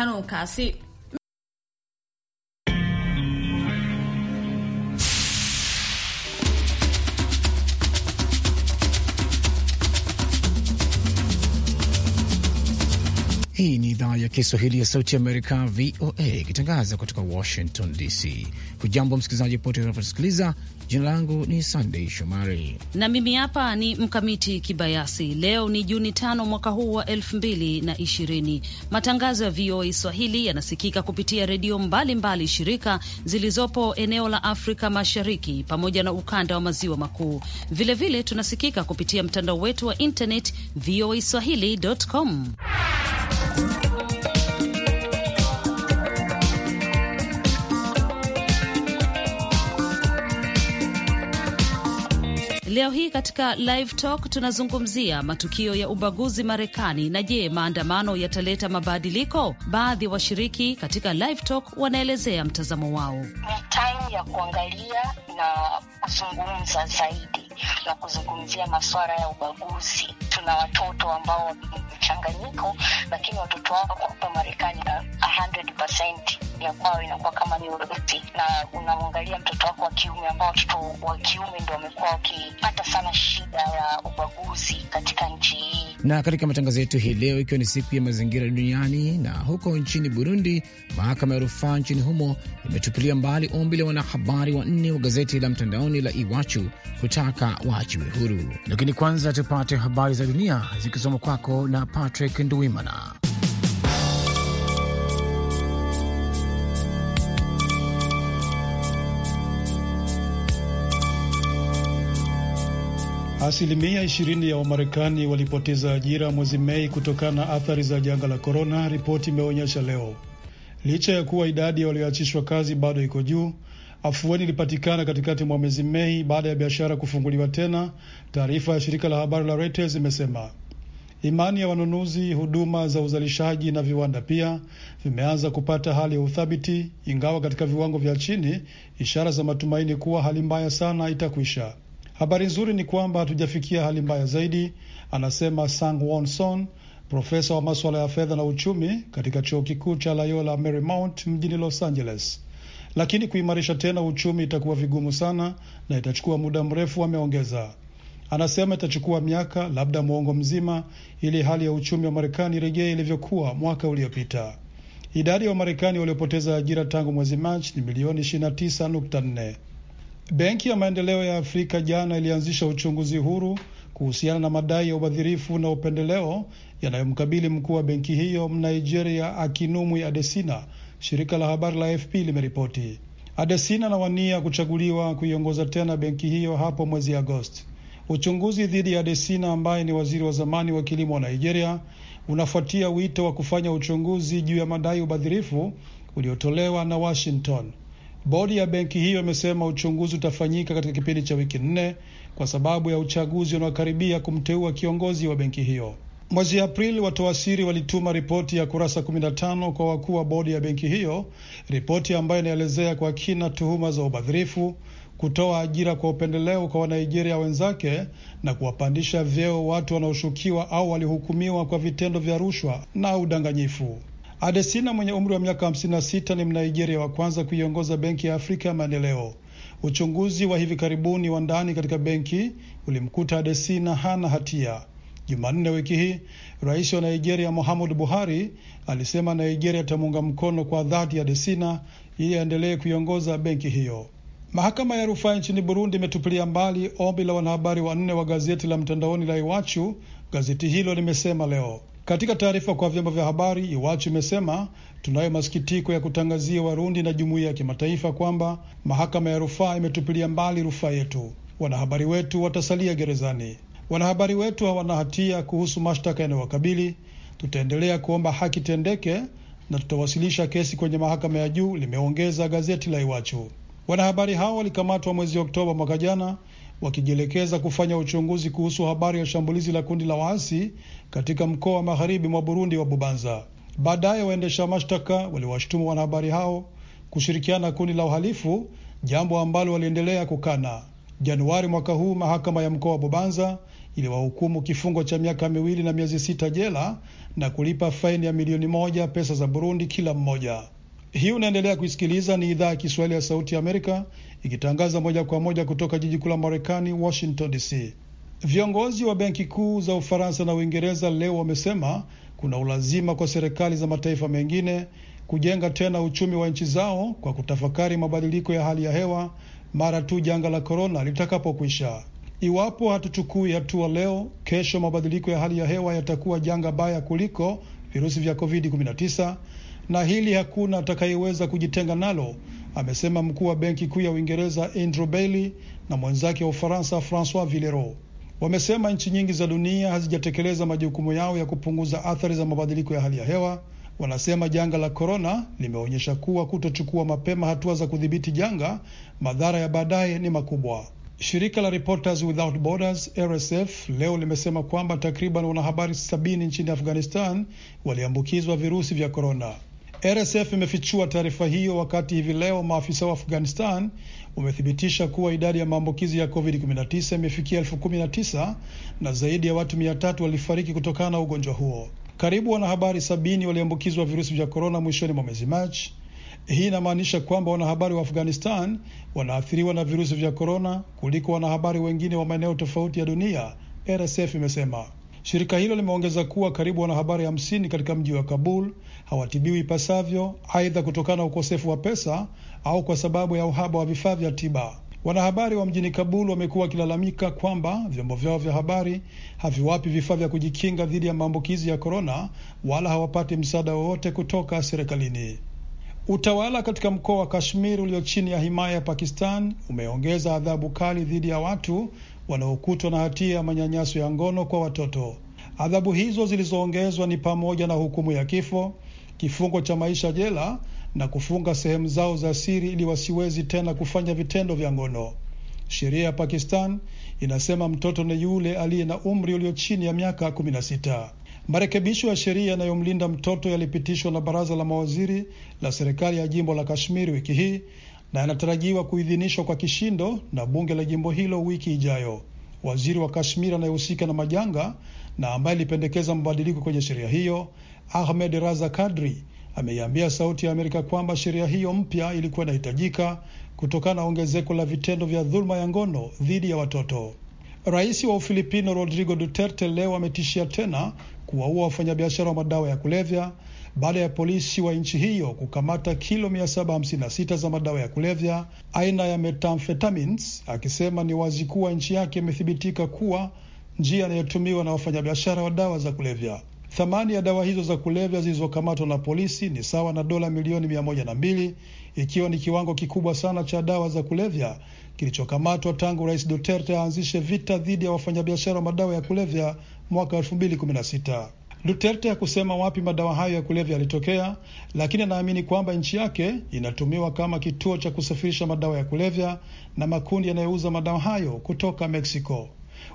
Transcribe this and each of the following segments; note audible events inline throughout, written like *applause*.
xanuunkaasi Hii ni idhaa ya Kiswahili ya Sauti Amerika, VOA, ikitangaza kutoka Washington DC. Hujambo msikilizaji pote unaposikiliza. Jina langu ni Sandei Shomari na mimi hapa ni Mkamiti Kibayasi. Leo ni Juni tano mwaka huu wa elfu mbili na ishirini. Matangazo ya VOA Swahili yanasikika kupitia redio mbalimbali shirika zilizopo eneo la Afrika Mashariki pamoja na ukanda wa maziwa makuu. Vilevile tunasikika kupitia mtandao wetu wa internet swahili.com. Bye. Leo hii katika Live Talk tunazungumzia matukio ya ubaguzi Marekani na je, maandamano yataleta mabadiliko? Baadhi ya washiriki katika Live Talk wanaelezea mtazamo wao. Ni time ya kuangalia na kuzungumza zaidi na kuzungumzia masuala ya ubaguzi. Tuna watoto ambao mchanganyiko, lakini watoto wao hapa Marekani ya kwao inakuwa kama ni urithi, na unamwangalia mtoto wako wa kiume, ambao watoto wa kiume ndo wamekuwa wakipata sana shida ya ubaguzi katika nchi hii. Na katika matangazo yetu hii leo, ikiwa ni siku ya mazingira duniani, na huko nchini Burundi, mahakama ya rufaa nchini humo imetupilia mbali ombi la wanahabari wanne wa gazeti la mtandaoni la Iwachu kutaka waachiwe huru. Lakini kwanza tupate habari za dunia zikisoma kwako na Patrick nduimana Asilimia 20 ya Wamarekani walipoteza ajira mwezi Mei kutokana na athari za janga la korona, ripoti imeonyesha leo. Licha ya kuwa idadi ya walioachishwa kazi bado iko juu, afueni ilipatikana katikati mwa mwezi Mei baada ya biashara kufunguliwa tena, taarifa ya shirika la habari la Reuters imesema. Imani ya wanunuzi, huduma za uzalishaji na viwanda pia vimeanza kupata hali ya uthabiti, ingawa katika viwango vya chini, ishara za matumaini kuwa hali mbaya sana itakwisha. Habari nzuri ni kwamba hatujafikia hali mbaya zaidi, anasema Sang Won Son, profesa wa maswala ya fedha na uchumi katika chuo kikuu cha Loyola Marymount mjini Los Angeles. Lakini kuimarisha tena uchumi itakuwa vigumu sana na itachukua muda mrefu, ameongeza. Anasema itachukua miaka, labda mwongo mzima, ili hali ya uchumi wa Marekani irejee ilivyokuwa mwaka uliopita. Idadi ya Wamarekani waliopoteza ajira tangu mwezi Machi ni milioni 29.4. Benki ya Maendeleo ya Afrika jana ilianzisha uchunguzi huru kuhusiana na madai ya ubadhirifu na upendeleo yanayomkabili mkuu wa benki hiyo Mnigeria akinumwi Adesina, shirika la habari la AFP limeripoti. Adesina anawania kuchaguliwa kuiongoza tena benki hiyo hapo mwezi Agosti. Uchunguzi dhidi ya Adesina ambaye ni waziri wa zamani wa kilimo wa Nigeria unafuatia wito wa kufanya uchunguzi juu ya madai ubadhirifu uliotolewa na Washington. Bodi ya benki hiyo imesema uchunguzi utafanyika katika kipindi cha wiki nne kwa sababu ya uchaguzi unaokaribia kumteua kiongozi wa benki hiyo. Mwezi Aprili, watoa siri walituma ripoti ya kurasa 15 kwa wakuu wa bodi ya benki hiyo, ripoti ambayo inaelezea kwa kina tuhuma za ubadhirifu, kutoa ajira kwa upendeleo kwa Wanaijeria wenzake na kuwapandisha vyeo watu wanaoshukiwa au walihukumiwa kwa vitendo vya rushwa na udanganyifu. Adesina mwenye umri wa miaka 56 ni Mnaijeria wa kwanza kuiongoza Benki ya Afrika ya Maendeleo. Uchunguzi wa hivi karibuni wa ndani katika benki ulimkuta Adesina hana hatia. Jumanne wiki hii rais wa Nigeria Muhammadu Buhari alisema Nigeria itamuunga mkono kwa dhati Adesina ili aendelee kuiongoza benki hiyo. Mahakama ya rufaa nchini Burundi imetupilia mbali ombi la wanahabari wanne wa gazeti la mtandaoni la Iwachu. Gazeti hilo limesema leo katika taarifa kwa vyombo vya habari, Iwachu imesema tunayo masikitiko ya kutangazia Warundi na jumuiya ya kimataifa kwamba mahakama ya rufaa imetupilia mbali rufaa yetu. Wanahabari wetu watasalia gerezani. Wanahabari wetu hawana hatia kuhusu mashtaka yanayowakabili. Tutaendelea kuomba haki tendeke na tutawasilisha kesi kwenye mahakama ya juu, limeongeza gazeti la Iwachu. Wanahabari hao walikamatwa mwezi Oktoba mwaka jana wakijielekeza kufanya uchunguzi kuhusu habari ya shambulizi la kundi la waasi katika mkoa wa magharibi mwa Burundi wa Bubanza. Baadaye waendesha mashtaka waliwashutumu wanahabari hao kushirikiana na kundi la uhalifu, jambo ambalo waliendelea kukana. Januari mwaka huu mahakama ya mkoa wa Bubanza iliwahukumu kifungo cha miaka miwili na miezi sita jela na kulipa faini ya milioni moja pesa za Burundi kila mmoja. Hii unaendelea kuisikiliza, ni idhaa ya Kiswahili ya Sauti ya Amerika ikitangaza moja kwa moja kutoka jiji kuu la Marekani, Washington DC. Viongozi wa benki kuu za Ufaransa na Uingereza leo wamesema kuna ulazima kwa serikali za mataifa mengine kujenga tena uchumi wa nchi zao kwa kutafakari mabadiliko ya hali ya hewa mara tu janga la korona litakapokwisha. Iwapo hatuchukui hatua leo, kesho mabadiliko ya hali ya hewa yatakuwa janga baya kuliko virusi vya COVID-19, na hili hakuna atakayeweza kujitenga nalo, amesema mkuu wa benki kuu ya Uingereza Andrew Bailey na mwenzake wa Ufaransa Francois Villeroy. Wamesema nchi nyingi za dunia hazijatekeleza majukumu yao ya kupunguza athari za mabadiliko ya hali ya hewa. Wanasema janga la korona limeonyesha kuwa kutochukua mapema hatua za kudhibiti janga, madhara ya baadaye ni makubwa. Shirika la Reporters Without Borders RSF leo limesema kwamba takriban wanahabari sabini nchini Afghanistan waliambukizwa virusi vya korona. RSF imefichua taarifa hiyo wakati hivi leo maafisa wa Afghanistan wamethibitisha kuwa idadi ya maambukizi ya COVID-19 imefikia elfu kumi na tisa na zaidi ya watu mia tatu walifariki kutokana na ugonjwa huo. Karibu wanahabari sabini waliambukizwa virusi vya korona mwishoni mwa mwezi Machi. Hii inamaanisha kwamba wanahabari wa Afghanistan wanaathiriwa na virusi vya korona kuliko wanahabari wengine wa maeneo tofauti ya dunia, RSF imesema. Shirika hilo limeongeza kuwa karibu wanahabari hamsini katika mji wa Kabul hawatibiwi ipasavyo, aidha kutokana na ukosefu wa pesa au kwa sababu ya uhaba wa vifaa vya tiba. Wanahabari wa mjini Kabul wamekuwa wakilalamika kwamba vyombo vyao vya habari haviwapi vifaa vya kujikinga dhidi ya maambukizi ya korona, wala hawapati msaada wowote kutoka serikalini. Utawala katika mkoa wa Kashmir ulio chini ya himaya ya Pakistan umeongeza adhabu kali dhidi ya watu wanaokutwa na hatia ya manyanyaso ya ngono kwa watoto. Adhabu hizo zilizoongezwa ni pamoja na hukumu ya kifo, kifungo cha maisha jela na kufunga sehemu zao za siri ili wasiwezi tena kufanya vitendo vya ngono. Sheria ya Pakistan inasema mtoto ni yule aliye na umri ulio chini ya miaka kumi na sita. Marekebisho ya sheria yanayomlinda mtoto yalipitishwa na baraza la mawaziri la serikali ya jimbo la Kashmiri wiki hii na yanatarajiwa kuidhinishwa kwa kishindo na bunge la jimbo hilo wiki ijayo. Waziri wa Kashmir anayehusika na majanga na ambaye alipendekeza mabadiliko kwenye sheria hiyo, Ahmed Raza Kadri, ameiambia Sauti ya Amerika kwamba sheria hiyo mpya ilikuwa inahitajika kutokana na ongezeko la vitendo vya dhuluma ya ngono dhidi ya watoto. Rais wa Ufilipino Rodrigo Duterte leo ametishia tena kuwaua wafanyabiashara wa madawa ya kulevya baada ya polisi wa nchi hiyo kukamata kilo 756 za madawa ya kulevya aina ya metamfetamines, akisema ni wazi kuwa nchi yake imethibitika kuwa njia inayotumiwa na wafanyabiashara wa dawa za kulevya. Thamani ya dawa hizo za kulevya zilizokamatwa na polisi ni sawa na dola milioni mia moja na mbili ikiwa ni kiwango kikubwa sana cha dawa za kulevya kilichokamatwa tangu Rais Duterte aanzishe vita dhidi ya wafanyabiashara wa madawa ya kulevya mwaka 2016. Duterte hakusema wapi madawa hayo ya kulevya yalitokea, lakini anaamini kwamba nchi yake inatumiwa kama kituo cha kusafirisha madawa ya kulevya na makundi yanayouza madawa hayo kutoka Meksiko.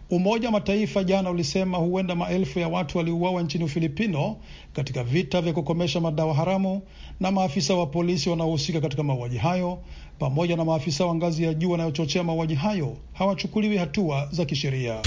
Umoja wa Mataifa jana ulisema huenda maelfu ya watu waliuawa nchini Ufilipino katika vita vya kukomesha madawa haramu, na maafisa wa polisi wanaohusika katika mauaji hayo pamoja na maafisa wa ngazi ya juu wanayochochea mauaji hayo hawachukuliwi hatua za kisheria.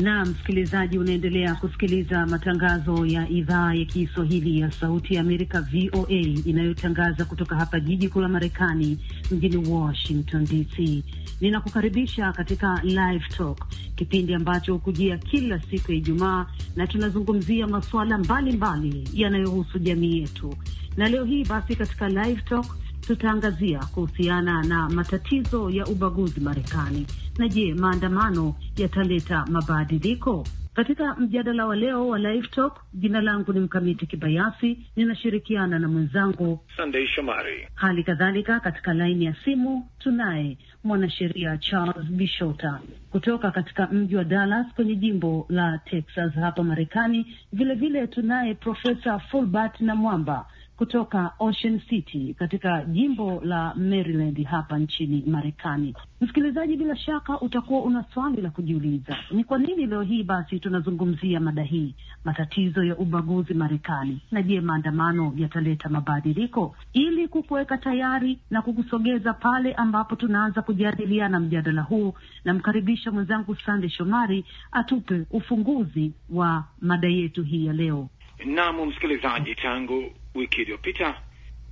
Na msikilizaji, unaendelea kusikiliza matangazo ya idhaa ya Kiswahili ya Sauti ya Amerika, VOA, inayotangaza kutoka hapa jiji kuu la Marekani, mjini Washington DC. Ninakukaribisha katika Live Talk, kipindi ambacho hukujia kila siku ya Ijumaa na tunazungumzia masuala mbalimbali yanayohusu jamii yetu. Na leo hii basi katika Live Talk tutaangazia kuhusiana na matatizo ya ubaguzi Marekani, na je, maandamano yataleta mabadiliko? Katika mjadala wa leo wa Live Talk, jina langu ni Mkamiti Kibayasi, ninashirikiana na mwenzangu Sandei Shomari. Hali kadhalika katika laini ya simu tunaye mwanasheria Charles Bishota kutoka katika mji wa Dallas kwenye jimbo la Texas hapa Marekani. Vilevile tunaye Profesa Fulbert na Mwamba kutoka Ocean City katika jimbo la Maryland hapa nchini Marekani. Msikilizaji, bila shaka utakuwa una swali la kujiuliza, ni kwa nini leo hii basi tunazungumzia mada hii, matatizo ya ubaguzi Marekani, na je, maandamano yataleta mabadiliko? Ili kukuweka tayari na kukusogeza pale ambapo tunaanza kujadiliana mjadala huu, namkaribisha mwenzangu Sande Shomari atupe ufunguzi wa mada yetu hii ya leo. Naam, msikilizaji, tangu wiki iliyopita.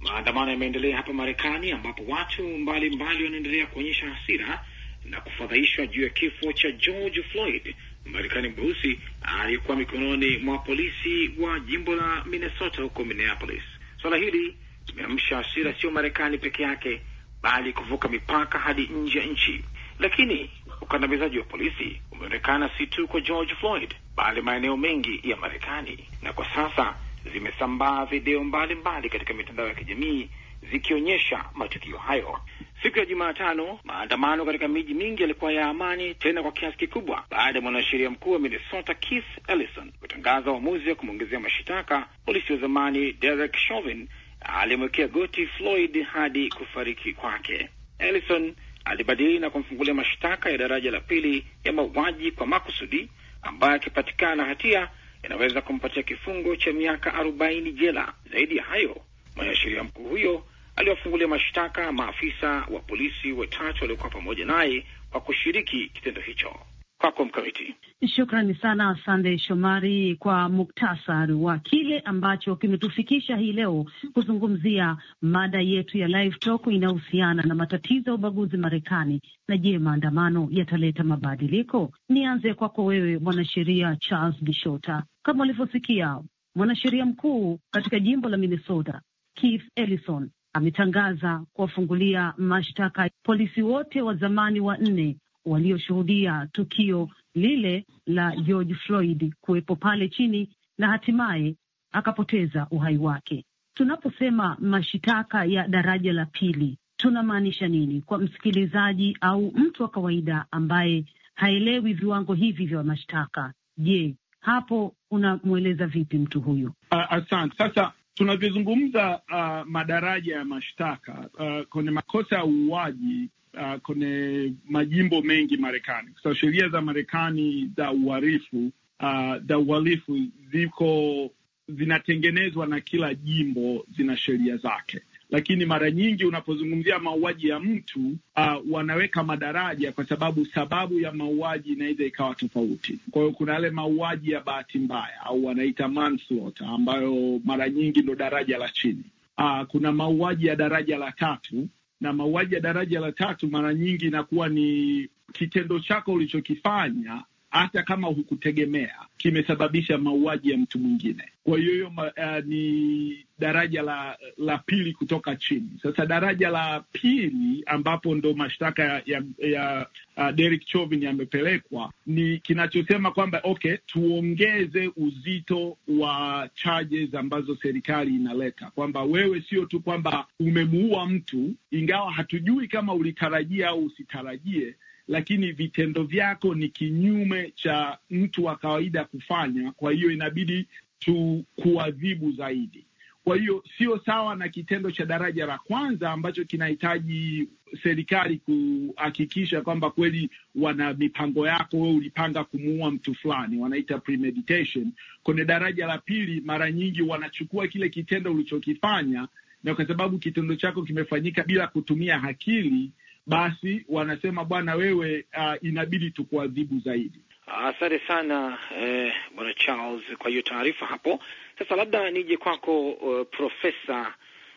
Maandamano yameendelea hapa Marekani, ambapo watu mbalimbali wanaendelea kuonyesha hasira na kufadhaishwa juu ya kifo cha George Floyd, Marekani mweusi aliyekuwa mikononi mwa polisi wa jimbo la Minnesota huko Minneapolis. Swala hili limeamsha hasira, sio Marekani peke yake, bali kuvuka mipaka hadi nje ya nchi. Lakini ukandamizaji wa polisi umeonekana si tu kwa George Floyd, bali maeneo mengi ya Marekani, na kwa sasa zimesambaa video mbalimbali mbali katika mitandao ya kijamii zikionyesha matukio hayo. Siku ya Jumatano, maandamano katika miji mingi yalikuwa ya amani tena kwa kiasi kikubwa, baada ya mwanasheria mkuu wa Minnesota Keith Ellison kutangaza uamuzi wa kumwongezea mashitaka polisi wa zamani Derek Chauvin alimwekea goti Floyd hadi kufariki kwake. Ellison alibadili na kumfungulia mashtaka ya daraja la pili ya mauaji kwa makusudi, ambayo akipatikana hatia inaweza kumpatia kifungo cha miaka arobaini jela. Zaidi ya hayo, mwanasheria mkuu huyo aliwafungulia mashtaka maafisa wa polisi watatu waliokuwa pamoja naye kwa kushiriki kitendo hicho. Kwako Mkamiti. Shukrani sana sandey Shomari kwa muktasari wa kile ambacho kimetufikisha hii leo kuzungumzia mada yetu ya Live Talk inayohusiana na matatizo ya ubaguzi Marekani na je, maandamano yataleta mabadiliko? Nianze kwako wewe mwanasheria Charles Bishota. Kama ulivyosikia mwanasheria mkuu katika jimbo la Minnesota Keith Ellison ametangaza kuwafungulia mashtaka polisi wote wa zamani wanne walioshuhudia tukio lile la George Floyd kuwepo pale chini na hatimaye akapoteza uhai wake. Tunaposema mashitaka ya daraja la pili tunamaanisha nini kwa msikilizaji au mtu wa kawaida ambaye haelewi viwango hivi vya mashtaka? Je, hapo unamweleza vipi mtu huyu? Uh, asante. Sasa tunavyozungumza uh, madaraja ya mashtaka uh, kwenye makosa ya uuaji uh, kwenye majimbo mengi Marekani, kwa sababu sheria za Marekani za uhalifu uh, za uhalifu ziko zinatengenezwa na kila jimbo zina sheria zake, lakini mara nyingi unapozungumzia mauaji ya mtu uh, wanaweka madaraja, kwa sababu sababu ya mauaji inaweza ikawa tofauti. Kwa hiyo kuna yale mauaji ya bahati mbaya au wanaita manslaughter, ambayo mara nyingi ndo daraja la chini. Uh, kuna mauaji ya daraja la tatu na mauaji ya daraja la tatu mara nyingi inakuwa ni kitendo chako ulichokifanya hata kama hukutegemea, kimesababisha mauaji ya mtu mwingine. Kwa hiyo hiyo uh, ni daraja la la pili kutoka chini. Sasa daraja la pili ambapo ndo mashtaka ya, ya uh, Derek Chauvin yamepelekwa ni kinachosema kwamba okay, tuongeze uzito wa charges ambazo serikali inaleta, kwamba wewe sio tu kwamba umemuua mtu, ingawa hatujui kama ulitarajia au usitarajie lakini vitendo vyako ni kinyume cha mtu wa kawaida kufanya, kwa hiyo inabidi tukuadhibu zaidi. Kwa hiyo sio sawa na kitendo cha daraja la kwanza ambacho kinahitaji serikali kuhakikisha kwamba kweli wana mipango yako, wewe ulipanga kumuua mtu fulani, wanaita premeditation. Kwenye daraja la pili, mara nyingi wanachukua kile kitendo ulichokifanya, na kwa sababu kitendo chako kimefanyika bila kutumia akili, basi wanasema bwana wewe, uh, inabidi tukuadhibu zaidi. Asante sana eh, bwana Charles kwa hiyo taarifa hapo. Sasa labda nije kwako uh, profesa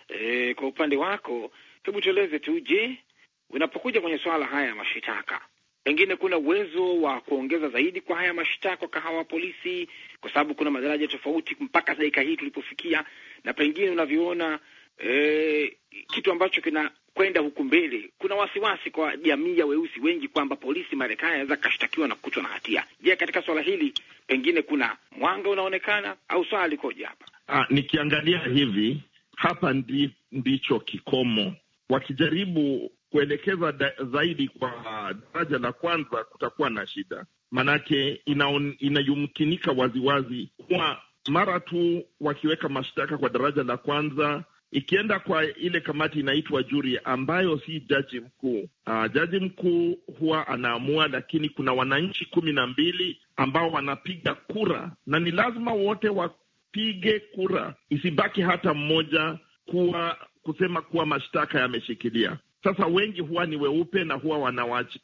eh, kwa upande wako, hebu tueleze tu, je, unapokuja kwenye suala haya ya mashitaka pengine kuna uwezo wa kuongeza zaidi kwa haya mashtaka kwa hawa polisi, kwa sababu kuna madaraja tofauti mpaka dakika hii tulipofikia, na pengine unavyoona eh, kitu ambacho kina kwenda huku mbele, kuna wasiwasi kwa jamii ya weusi wengi kwamba polisi Marekani anaweza kashtakiwa na kukutwa na hatia. Je, katika suala hili pengine kuna mwanga unaonekana au swala likoje hapa? Ah, nikiangalia hivi hapa ndi, ndicho kikomo. Wakijaribu kuelekeza da, zaidi kwa daraja la kwanza, kutakuwa na shida, maanake inayumkinika waziwazi kuwa mara tu wakiweka mashtaka kwa daraja la kwanza ikienda kwa ile kamati inaitwa juri, ambayo si jaji mkuu. Uh, jaji mkuu huwa anaamua, lakini kuna wananchi kumi na mbili ambao wanapiga kura na ni lazima wote wapige kura, isibaki hata mmoja kuwa kusema kuwa mashtaka yameshikilia. Sasa wengi huwa ni weupe na huwa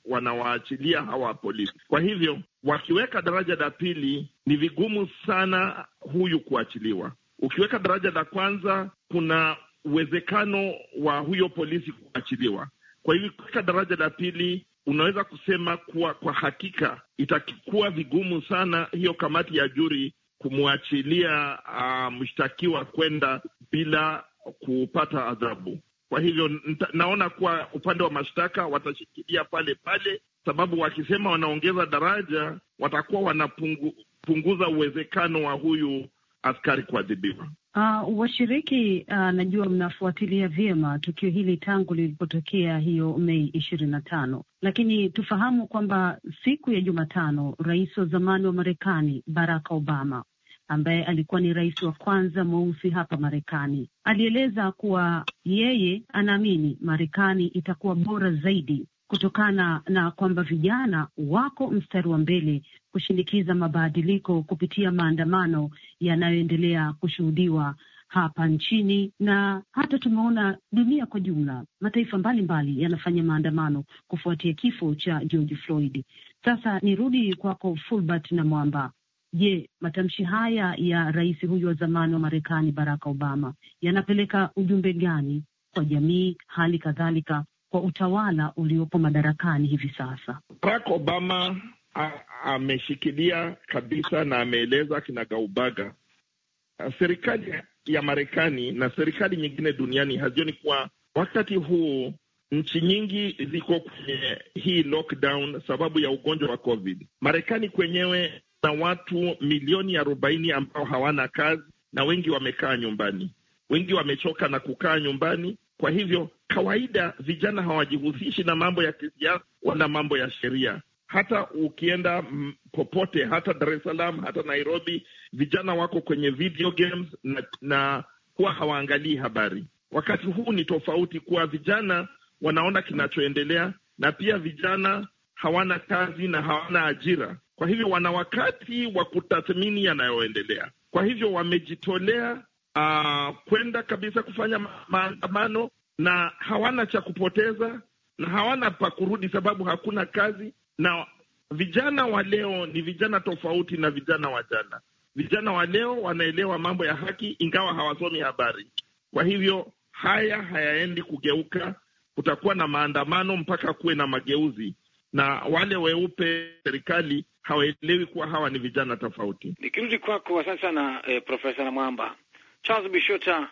wanawaachilia hawa polisi. Kwa hivyo wakiweka daraja la pili, ni vigumu sana huyu kuachiliwa. Ukiweka daraja la kwanza, kuna uwezekano wa huyo polisi kuachiliwa. Kwa hivyo ukiweka daraja la pili, unaweza kusema kuwa kwa hakika itakuwa vigumu sana hiyo kamati ya juri kumwachilia uh, mshtakiwa kwenda bila kupata adhabu. Kwa hivyo naona kuwa upande wa mashtaka watashikilia pale pale, sababu wakisema wanaongeza daraja watakuwa wanapunguza uwezekano wa huyu askari kuadhibiwa. Uh, washiriki uh, najua mnafuatilia vyema tukio hili tangu lilipotokea hiyo Mei ishirini na tano, lakini tufahamu kwamba siku ya Jumatano rais wa zamani wa Marekani Barack Obama ambaye alikuwa ni rais wa kwanza mweusi hapa Marekani alieleza kuwa yeye anaamini Marekani itakuwa bora zaidi kutokana na kwamba vijana wako mstari wa mbele kushinikiza mabadiliko kupitia maandamano yanayoendelea kushuhudiwa hapa nchini na hata tumeona dunia kwa jumla, mataifa mbalimbali yanafanya maandamano kufuatia kifo cha George Floyd. Sasa nirudi kwako Fulbert na Mwamba. Je, matamshi haya ya rais huyu wa zamani wa Marekani Barack Obama yanapeleka ujumbe gani kwa jamii, hali kadhalika kwa utawala uliopo madarakani hivi sasa? Barack Obama ameshikilia kabisa na ameeleza kinagaubaga serikali ya Marekani na serikali nyingine duniani hazioni kuwa wakati huu nchi nyingi ziko kwenye hii lockdown sababu ya ugonjwa wa COVID. Marekani kwenyewe na watu milioni arobaini ambao hawana kazi na wengi wamekaa nyumbani, wengi wamechoka na kukaa nyumbani. Kwa hivyo kawaida, vijana hawajihusishi na mambo ya kisiasa wala mambo ya sheria hata ukienda mm, popote, hata Dar es Salaam, hata Nairobi, vijana wako kwenye video games na, na huwa hawaangalii habari. Wakati huu ni tofauti kuwa vijana wanaona kinachoendelea, na pia vijana hawana kazi na hawana ajira, kwa hivyo wana wakati wa kutathmini yanayoendelea. Kwa hivyo wamejitolea uh, kwenda kabisa kufanya maandamano, na hawana cha kupoteza na hawana pa kurudi, sababu hakuna kazi na vijana wa leo ni vijana tofauti na vijana wa jana. Vijana wa leo wanaelewa mambo ya haki, ingawa hawasomi habari. Kwa hivyo haya hayaendi kugeuka. Kutakuwa na maandamano mpaka kuwe na mageuzi, na wale weupe serikali hawaelewi kuwa hawa ni vijana tofauti. Nikirudi kwako, asante sana eh, Profesa Namwamba Charles Bishota.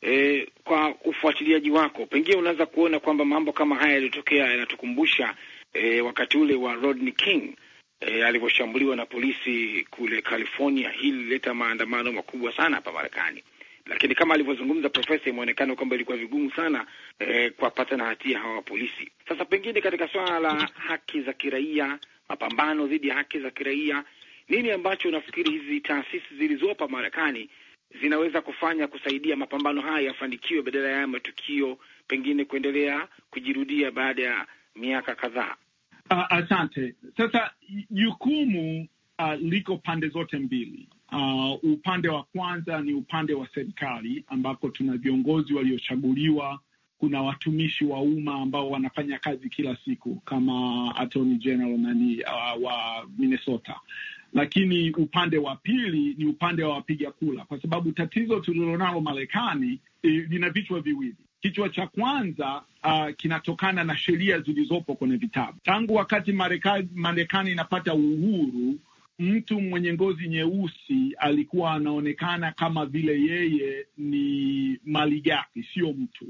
Eh, kwa ufuatiliaji wako pengine unaweza kuona kwamba mambo kama haya yaliyotokea yanatukumbusha e, wakati ule wa Rodney King e, alivyoshambuliwa na polisi kule California. Hii lilileta maandamano makubwa sana hapa Marekani, lakini kama alivyozungumza profesa, imeonekana kwamba ilikuwa vigumu sana e, kuwapata na hatia hawa wa polisi. Sasa pengine katika swala la haki za kiraia, mapambano dhidi ya haki za kiraia, nini ambacho unafikiri hizi taasisi zilizopo Marekani zinaweza kufanya kusaidia mapambano haya yafanikiwe, badala ya matukio pengine kuendelea kujirudia baada ya miaka kadhaa. Uh, asante. Sasa jukumu uh, liko pande zote mbili. Uh, upande wa kwanza ni upande wa serikali ambako tuna viongozi waliochaguliwa, kuna watumishi wa umma ambao wanafanya kazi kila siku kama Attorney General nani uh, wa Minnesota. Lakini upande wa pili ni upande wa wapiga kura, kwa sababu tatizo tulilonalo Marekani eh, lina vichwa viwili. Kichwa cha kwanza uh, kinatokana na sheria zilizopo kwenye vitabu. Tangu wakati Marekani inapata uhuru, mtu mwenye ngozi nyeusi alikuwa anaonekana kama vile yeye ni malighafi, sio mtu.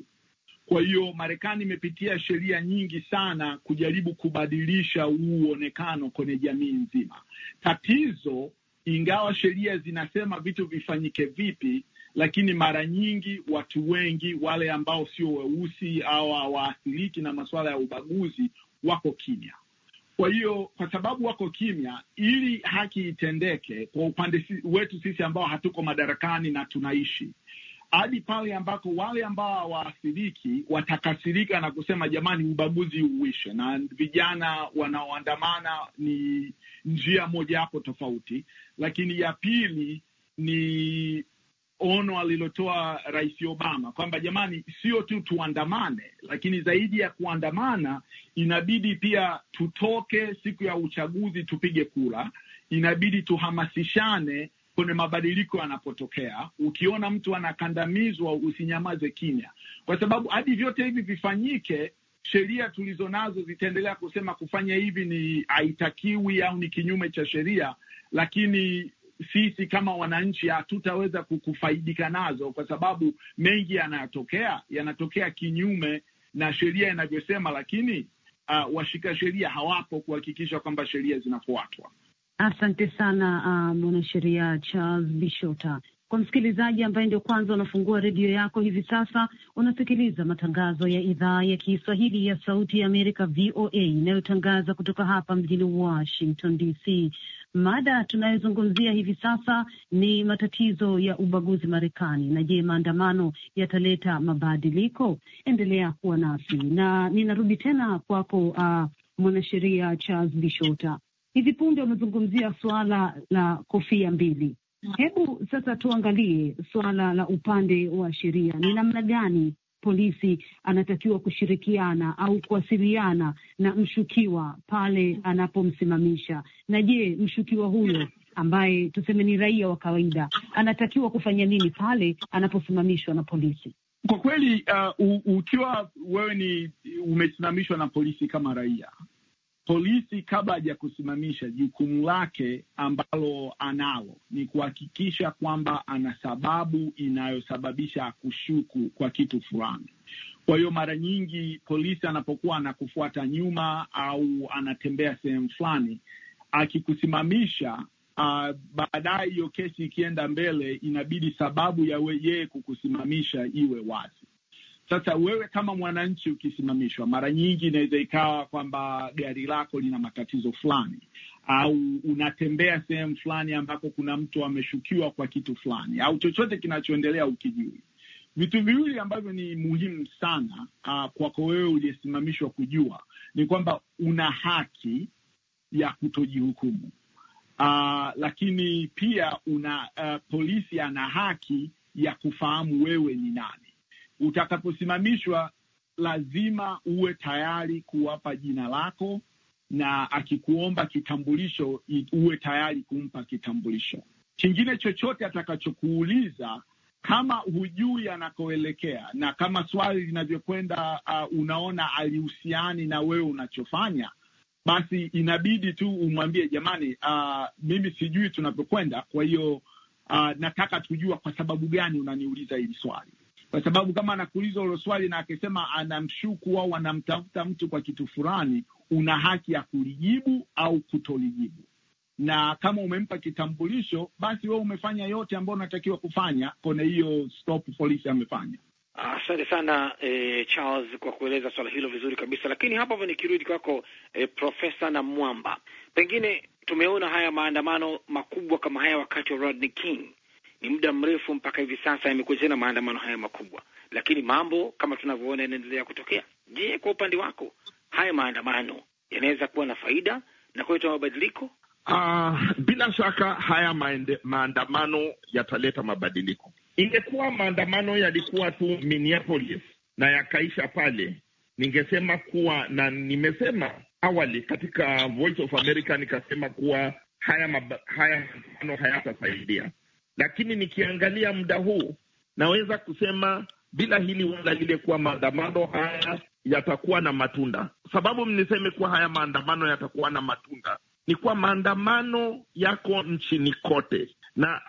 Kwa hiyo Marekani imepitia sheria nyingi sana kujaribu kubadilisha uonekano kwenye jamii nzima. Tatizo, ingawa sheria zinasema vitu vifanyike vipi lakini mara nyingi watu wengi wale ambao sio weusi au hawaathiriki na masuala ya ubaguzi wako kimya. Kwa hiyo kwa sababu wako kimya, ili haki itendeke kwa upande wetu sisi ambao hatuko madarakani na tunaishi hadi pale ambako wale ambao hawaathiriki watakasirika na kusema jamani, ubaguzi uishe. Na vijana wanaoandamana ni njia moja hapo tofauti, lakini ya pili ni ono alilotoa Rais Obama kwamba jamani, sio tu tuandamane, lakini zaidi ya kuandamana inabidi pia tutoke siku ya uchaguzi tupige kura, inabidi tuhamasishane kwenye mabadiliko yanapotokea. Ukiona mtu anakandamizwa, usinyamaze kimya, kwa sababu hadi vyote hivi vifanyike, sheria tulizo nazo zitaendelea kusema kufanya hivi ni haitakiwi au ni kinyume cha sheria, lakini sisi kama wananchi hatutaweza kufaidika nazo, kwa sababu mengi yanayotokea yanatokea kinyume na sheria inavyosema, lakini uh, washika sheria hawapo kuhakikisha kwamba sheria zinafuatwa. Asante sana uh, mwanasheria Charles Bishota. Kwa msikilizaji ambaye ndio kwanza unafungua redio yako hivi sasa, unasikiliza matangazo ya idhaa ya Kiswahili ya Sauti ya Amerika, VOA, inayotangaza kutoka hapa mjini Washington DC. Mada tunayozungumzia hivi sasa ni matatizo ya ubaguzi Marekani, na je, maandamano yataleta mabadiliko? Endelea kuwa nasi na ninarudi tena kwako, uh, mwanasheria Charles Bishota. Hivi punde umezungumzia suala la kofia mbili Hebu sasa tuangalie suala la upande wa sheria, ni namna gani polisi anatakiwa kushirikiana au kuwasiliana na mshukiwa pale anapomsimamisha, na je, mshukiwa huyo ambaye tuseme ni raia wa kawaida anatakiwa kufanya nini pale anaposimamishwa na polisi? Kwa kweli, uh, ukiwa wewe ni umesimamishwa na polisi kama raia Polisi kabla kusimamisha jukumu lake ambalo analo ni kuhakikisha kwamba ana sababu inayosababisha kushuku kwa kitu fulani. Kwa hiyo mara nyingi polisi anapokuwa anakufuata nyuma au anatembea sehemu fulani, akikusimamisha Uh, baadaye hiyo kesi ikienda mbele, inabidi sababu ya yeye kukusimamisha iwe wazi. Sasa wewe kama mwananchi ukisimamishwa, mara nyingi inaweza ikawa kwamba gari lako lina matatizo fulani, au unatembea sehemu fulani ambako kuna mtu ameshukiwa kwa kitu fulani, au chochote kinachoendelea ukijui. Vitu viwili ambavyo ni muhimu sana uh, kwako wewe uliyesimamishwa kujua ni kwamba una haki ya kutojihukumu. Uh, lakini pia una uh, polisi ana haki ya kufahamu wewe ni nani. Utakaposimamishwa lazima uwe tayari kuwapa jina lako, na akikuomba kitambulisho uwe tayari kumpa kitambulisho. Kingine chochote atakachokuuliza kama hujui anakoelekea na kama swali linavyokwenda, uh, unaona alihusiani na wewe unachofanya, basi inabidi tu umwambie jamani, uh, mimi sijui tunavyokwenda kwa hiyo uh, nataka tujua kwa sababu gani unaniuliza hili swali kwa sababu kama anakuuliza ulo swali na akisema anamshuku au anamtafuta mtu kwa kitu fulani, una haki ya kulijibu au kutolijibu. Na kama umempa kitambulisho, basi wewe umefanya yote ambayo unatakiwa kufanya kone hiyo stop polisi amefanya. Asante sana eh, Charles kwa kueleza swala hilo vizuri kabisa. Lakini hapa hapo nikirudi kwako eh, Profesa na Mwamba, pengine tumeona haya maandamano makubwa kama haya wakati wa Rodney King ni muda mrefu mpaka hivi sasa yamekuwa tena maandamano haya makubwa, lakini mambo kama tunavyoona yanaendelea kutokea. Je, kwa upande wako haya maandamano yanaweza kuwa na faida na kuleta mabadiliko? Uh, bila shaka haya maende, maandamano yataleta mabadiliko. Ingekuwa maandamano yalikuwa tu Minneapolis na yakaisha pale, ningesema kuwa na nimesema awali katika Voice of America nikasema kuwa haya maandamano hayatasaidia lakini nikiangalia muda huu naweza kusema bila hili wala lile kuwa maandamano haya yatakuwa na matunda. Sababu mniseme kuwa haya maandamano yatakuwa na matunda ni kuwa maandamano yako nchini kote, na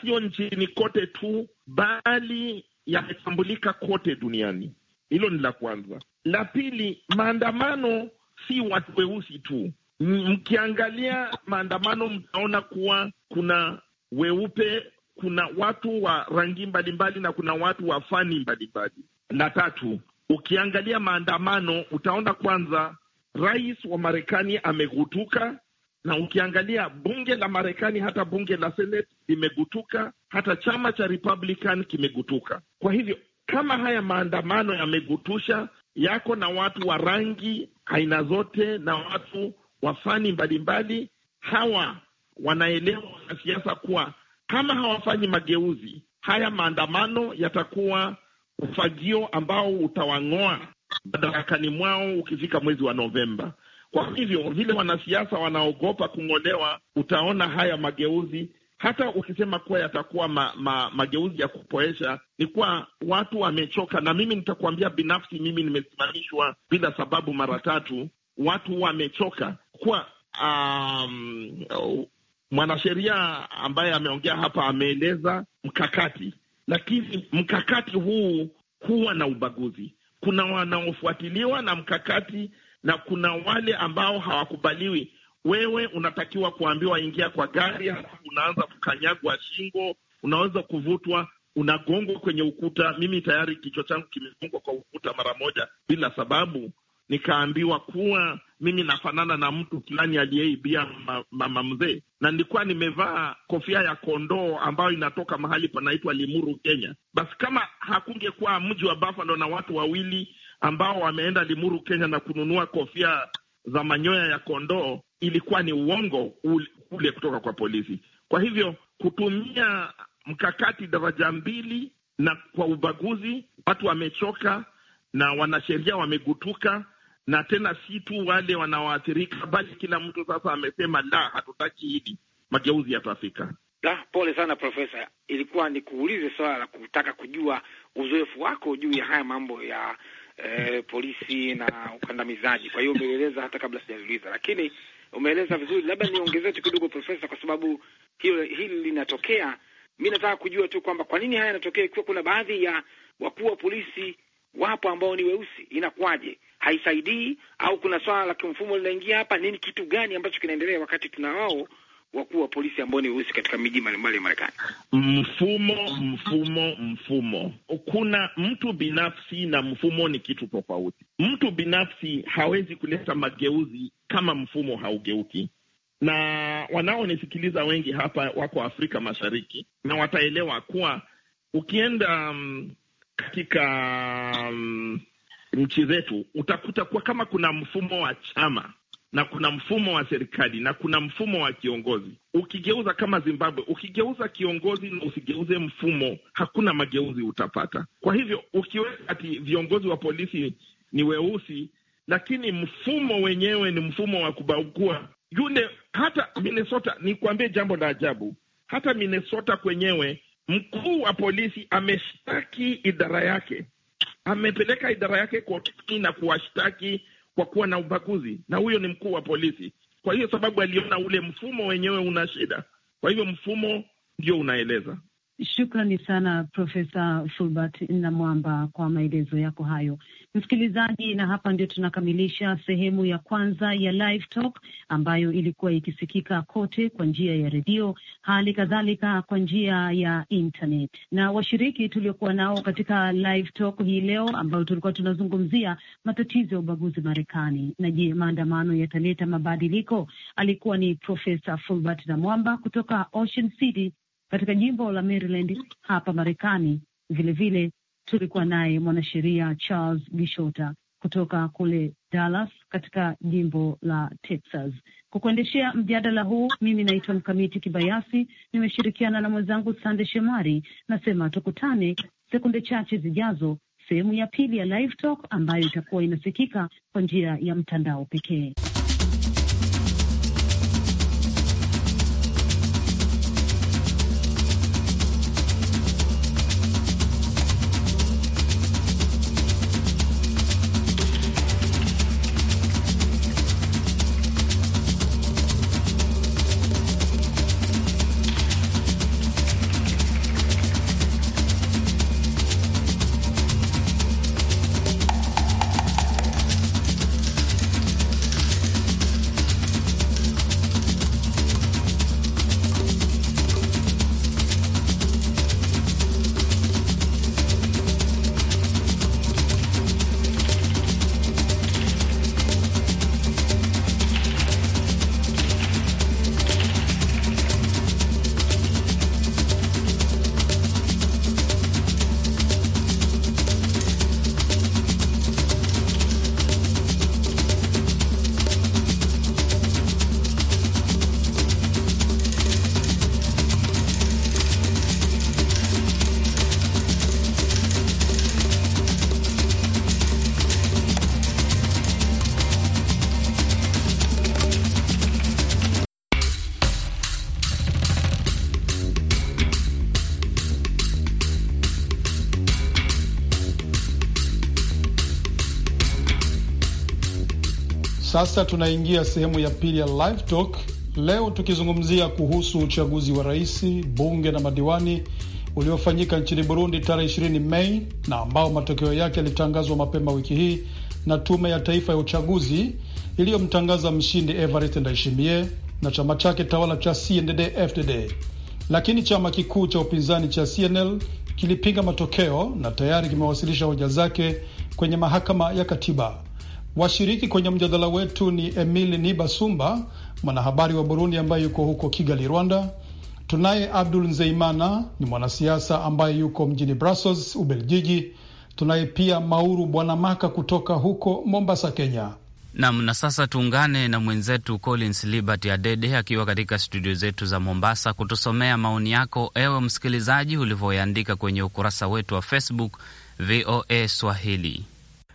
sio nchini kote tu, bali yametambulika kote duniani. Hilo ni la kwanza. La pili, maandamano si watu weusi tu. Mkiangalia maandamano, mtaona kuwa kuna weupe kuna watu wa rangi mbalimbali na kuna watu wa fani mbalimbali. La tatu, ukiangalia maandamano utaona kwanza rais wa Marekani amegutuka, na ukiangalia bunge la Marekani, hata bunge la Senate limegutuka, hata chama cha Republican kimegutuka. Kwa hivyo kama haya maandamano yamegutusha, yako na watu wa rangi aina zote na watu wa fani mbalimbali, hawa wanaelewa wanasiasa kuwa kama hawafanyi mageuzi, haya maandamano yatakuwa ufagio ambao utawang'oa madarakani mwao ukifika mwezi wa Novemba. Kwa hivyo vile wanasiasa wanaogopa kung'olewa, utaona haya mageuzi hata ukisema kuwa yatakuwa ma, ma, mageuzi ya kupoesha, ni kuwa watu wamechoka. Na mimi nitakuambia binafsi, mimi nimesimamishwa bila sababu mara tatu. Watu wamechoka kuwa um, mwanasheria ambaye ameongea hapa ameeleza mkakati, lakini mkakati huu huwa na ubaguzi. Kuna wanaofuatiliwa na mkakati na kuna wale ambao hawakubaliwi. Wewe unatakiwa kuambiwa ingia kwa gari, halafu unaanza kukanyagwa shingo, unaweza kuvutwa, unagongwa kwenye ukuta. Mimi tayari kichwa changu kimegongwa kwa ukuta mara moja bila sababu, nikaambiwa kuwa mimi nafanana na mtu fulani aliyeibia mama mzee, na nilikuwa nimevaa kofia ya kondoo ambayo inatoka mahali panaitwa Limuru, Kenya. Basi kama hakungekuwa mji wa Buffalo na watu wawili ambao wameenda Limuru, Kenya na kununua kofia za manyoya ya kondoo, ilikuwa ni uongo ule kutoka kwa polisi. Kwa hivyo kutumia mkakati daraja mbili na kwa ubaguzi, watu wamechoka na wanasheria wamegutuka na tena si tu wale wanaoathirika, bali kila mtu sasa amesema la, hatutaki hili, mageuzi yatafika. Da, pole sana Profesa, ilikuwa ni kuulize swala la kutaka kujua uzoefu wako juu ya haya mambo ya eh, polisi na ukandamizaji. Kwa hiyo umeeleza hata kabla sijaliuliza lakini umeeleza vizuri. Labda niongezee tu kidogo Profesa, kwa sababu hilo hili linatokea. Mi nataka kujua tu kwamba kwa nini haya yanatokea, ikiwa kuna baadhi ya wakuu wa polisi wapo ambao ni weusi, inakuwaje? haisaidii, au kuna swala la kimfumo linaingia hapa? Nini, kitu gani ambacho kinaendelea wakati tuna wao wakuu wa polisi ambao ni weusi katika miji mbalimbali ya Marekani? Mfumo, mfumo, mfumo. Kuna mtu binafsi na mfumo ni kitu tofauti. Mtu binafsi hawezi kuleta mageuzi kama mfumo haugeuki na wanaonisikiliza wengi hapa wako Afrika Mashariki na wataelewa kuwa ukienda um, katika um, nchi zetu, utakuta kuwa kama kuna mfumo wa chama na kuna mfumo wa serikali na kuna mfumo wa kiongozi. Ukigeuza kama Zimbabwe, ukigeuza kiongozi na usigeuze mfumo, hakuna mageuzi utapata. Kwa hivyo ukiweka ati viongozi wa polisi ni weusi, lakini mfumo wenyewe ni mfumo wa kubagua yule. Hata Minnesota, kuambie jambo la ajabu, hata Minnesota kwenyewe mkuu wa polisi ameshtaki idara yake amepeleka idara yake kotini na kuwashtaki kwa kuwa na ubaguzi, na huyo ni mkuu wa polisi. Kwa hiyo sababu aliona ule mfumo wenyewe una shida, kwa hivyo mfumo ndio unaeleza Shukrani sana Profesa Fulbert Namwamba kwa maelezo yako hayo. Msikilizaji, na hapa ndio tunakamilisha sehemu ya kwanza ya Live Talk ambayo ilikuwa ikisikika kote kwa njia ya redio, hali kadhalika kwa njia ya internet. Na washiriki tuliokuwa nao katika Live Talk hii leo, ambayo tulikuwa tunazungumzia matatizo ya ubaguzi Marekani na je, maandamano yataleta mabadiliko, alikuwa ni Profesa Fulbert Namwamba kutoka Ocean City katika jimbo la Maryland hapa Marekani. Vilevile tulikuwa naye mwanasheria Charles Gishota kutoka kule Dallas katika jimbo la Texas. Kwa kuendeshea mjadala huu, mimi naitwa Mkamiti Kibayasi, nimeshirikiana na mwenzangu Sande Shemari. Nasema tukutane sekunde chache zijazo, sehemu ya pili ya Live Talk ambayo itakuwa inasikika kwa njia ya mtandao pekee. Sasa tunaingia sehemu ya pili ya Live Talk leo tukizungumzia kuhusu uchaguzi wa rais, bunge na madiwani uliofanyika nchini Burundi tarehe 20 Mei na ambao matokeo yake yalitangazwa mapema wiki hii na tume ya taifa ya uchaguzi iliyomtangaza mshindi Evariste Ndayishimiye na chama chake tawala cha CNDD-FDD. Lakini chama kikuu cha upinzani cha CNL kilipinga matokeo na tayari kimewasilisha hoja zake kwenye mahakama ya katiba. Washiriki kwenye mjadala wetu ni Emil Nibasumba, mwanahabari wa Burundi ambaye yuko huko Kigali, Rwanda. Tunaye Abdul Nzeimana, ni mwanasiasa ambaye yuko mjini Brussels, Ubelgiji. Tunaye pia Mauru Bwanamaka kutoka huko Mombasa, Kenya. Nam, na sasa tuungane na mwenzetu Collins Liberty Adede akiwa katika studio zetu za Mombasa kutusomea maoni yako, ewe msikilizaji, ulivyoyaandika kwenye ukurasa wetu wa Facebook VOA Swahili.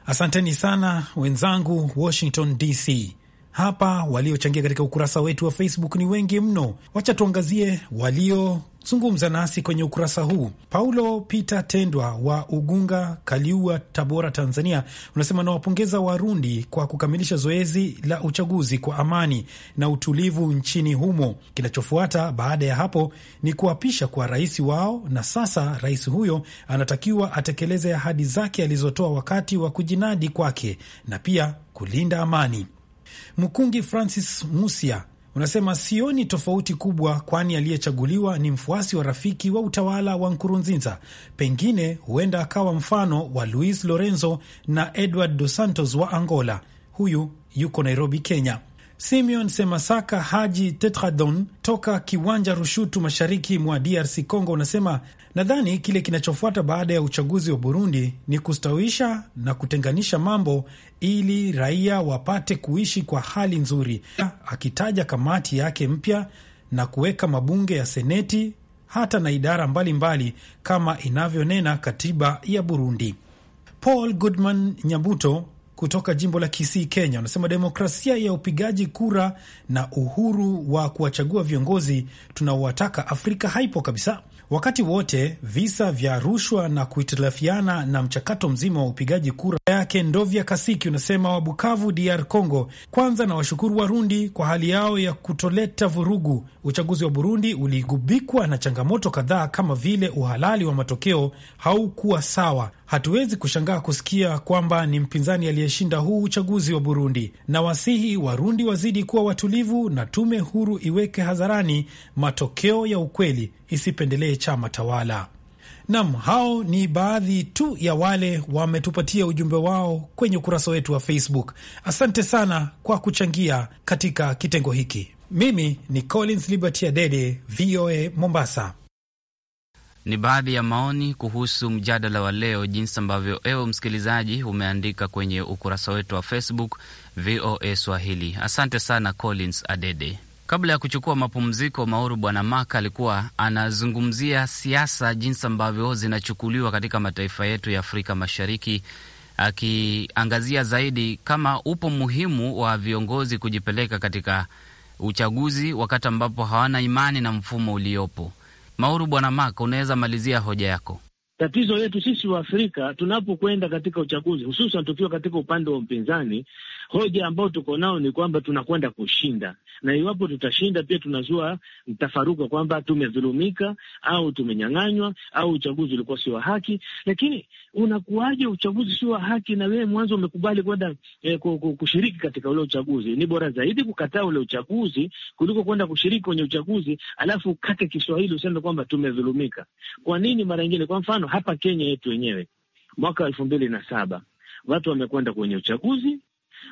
Asanteni sana wenzangu Washington DC. Hapa waliochangia katika ukurasa wetu wa Facebook ni wengi mno. Wacha tuangazie walio zungumza nasi kwenye ukurasa huu. Paulo Peter Tendwa wa Ugunga, Kaliua, Tabora, Tanzania, unasema nawapongeza Warundi kwa kukamilisha zoezi la uchaguzi kwa amani na utulivu nchini humo. Kinachofuata baada ya hapo ni kuapisha kwa rais wao, na sasa rais huyo anatakiwa atekeleze ahadi zake alizotoa wakati wa kujinadi kwake na pia kulinda amani. Mkungi Francis Musia unasema sioni tofauti kubwa, kwani aliyechaguliwa ni mfuasi wa rafiki wa utawala wa Nkurunziza. Pengine huenda akawa mfano wa Luis Lorenzo na Edward Dos Santos wa Angola. Huyu yuko Nairobi, Kenya. Simeon Semasaka Haji Tetradon toka Kiwanja Rushutu, mashariki mwa DRC Congo, unasema nadhani kile kinachofuata baada ya uchaguzi wa Burundi ni kustawisha na kutenganisha mambo ili raia wapate kuishi kwa hali nzuri, akitaja kamati yake mpya na kuweka mabunge ya seneti hata na idara mbalimbali mbali, kama inavyonena katiba ya Burundi. Paul Goodman Nyabuto kutoka jimbo la Kisii, Kenya, wanasema demokrasia ya upigaji kura na uhuru wa kuwachagua viongozi tunaowataka Afrika haipo kabisa. Wakati wote visa vya rushwa na kuhitilafiana na mchakato mzima wa upigaji kura yake. Ndovya Kasiki unasema wa Bukavu, DR Congo, kwanza na washukuru Warundi kwa hali yao ya kutoleta vurugu. Uchaguzi wa Burundi uligubikwa na changamoto kadhaa kama vile uhalali wa matokeo haukuwa sawa. Hatuwezi kushangaa kusikia kwamba ni mpinzani aliyeshinda huu uchaguzi wa Burundi, na wasihi Warundi wazidi kuwa watulivu na tume huru iweke hadharani matokeo ya ukweli, isipendelee chama tawala. Nam, hao ni baadhi tu ya wale wametupatia ujumbe wao kwenye ukurasa wetu wa Facebook. Asante sana kwa kuchangia katika kitengo hiki. Mimi ni Collins Liberty Adede, VOA Mombasa. Ni baadhi ya maoni kuhusu mjadala wa leo, jinsi ambavyo ewe msikilizaji umeandika kwenye ukurasa wetu wa Facebook VOA Swahili. Asante sana Collins Adede. Kabla ya kuchukua mapumziko, Mauru Bwana Maka alikuwa anazungumzia siasa, jinsi ambavyo zinachukuliwa katika mataifa yetu ya Afrika Mashariki, akiangazia zaidi kama upo muhimu wa viongozi kujipeleka katika uchaguzi wakati ambapo hawana imani na mfumo uliopo. Mauru Bwana mak unaweza malizia hoja yako. Tatizo letu sisi wa afrika tunapokwenda katika uchaguzi, hususan tukiwa katika upande wa upinzani, hoja ambayo tuko nao ni kwamba tunakwenda kushinda na iwapo tutashinda, pia tunazua mtafaruko kwamba tumedhulumika au tumenyang'anywa au uchaguzi ulikuwa sio wa haki. Lakini unakuwaje uchaguzi sio wa haki na wewe mwanzo umekubali kwenda eh, kushiriki katika ule uchaguzi? Ni bora zaidi kukataa ule uchaguzi kuliko kwenda kushiriki kwenye uchaguzi alafu ukate Kiswahili useme kwamba tumedhulumika. Kwa nini? Mara nyingine, kwa mfano hapa Kenya yetu wenyewe mwaka wa elfu mbili na saba watu wamekwenda kwenye uchaguzi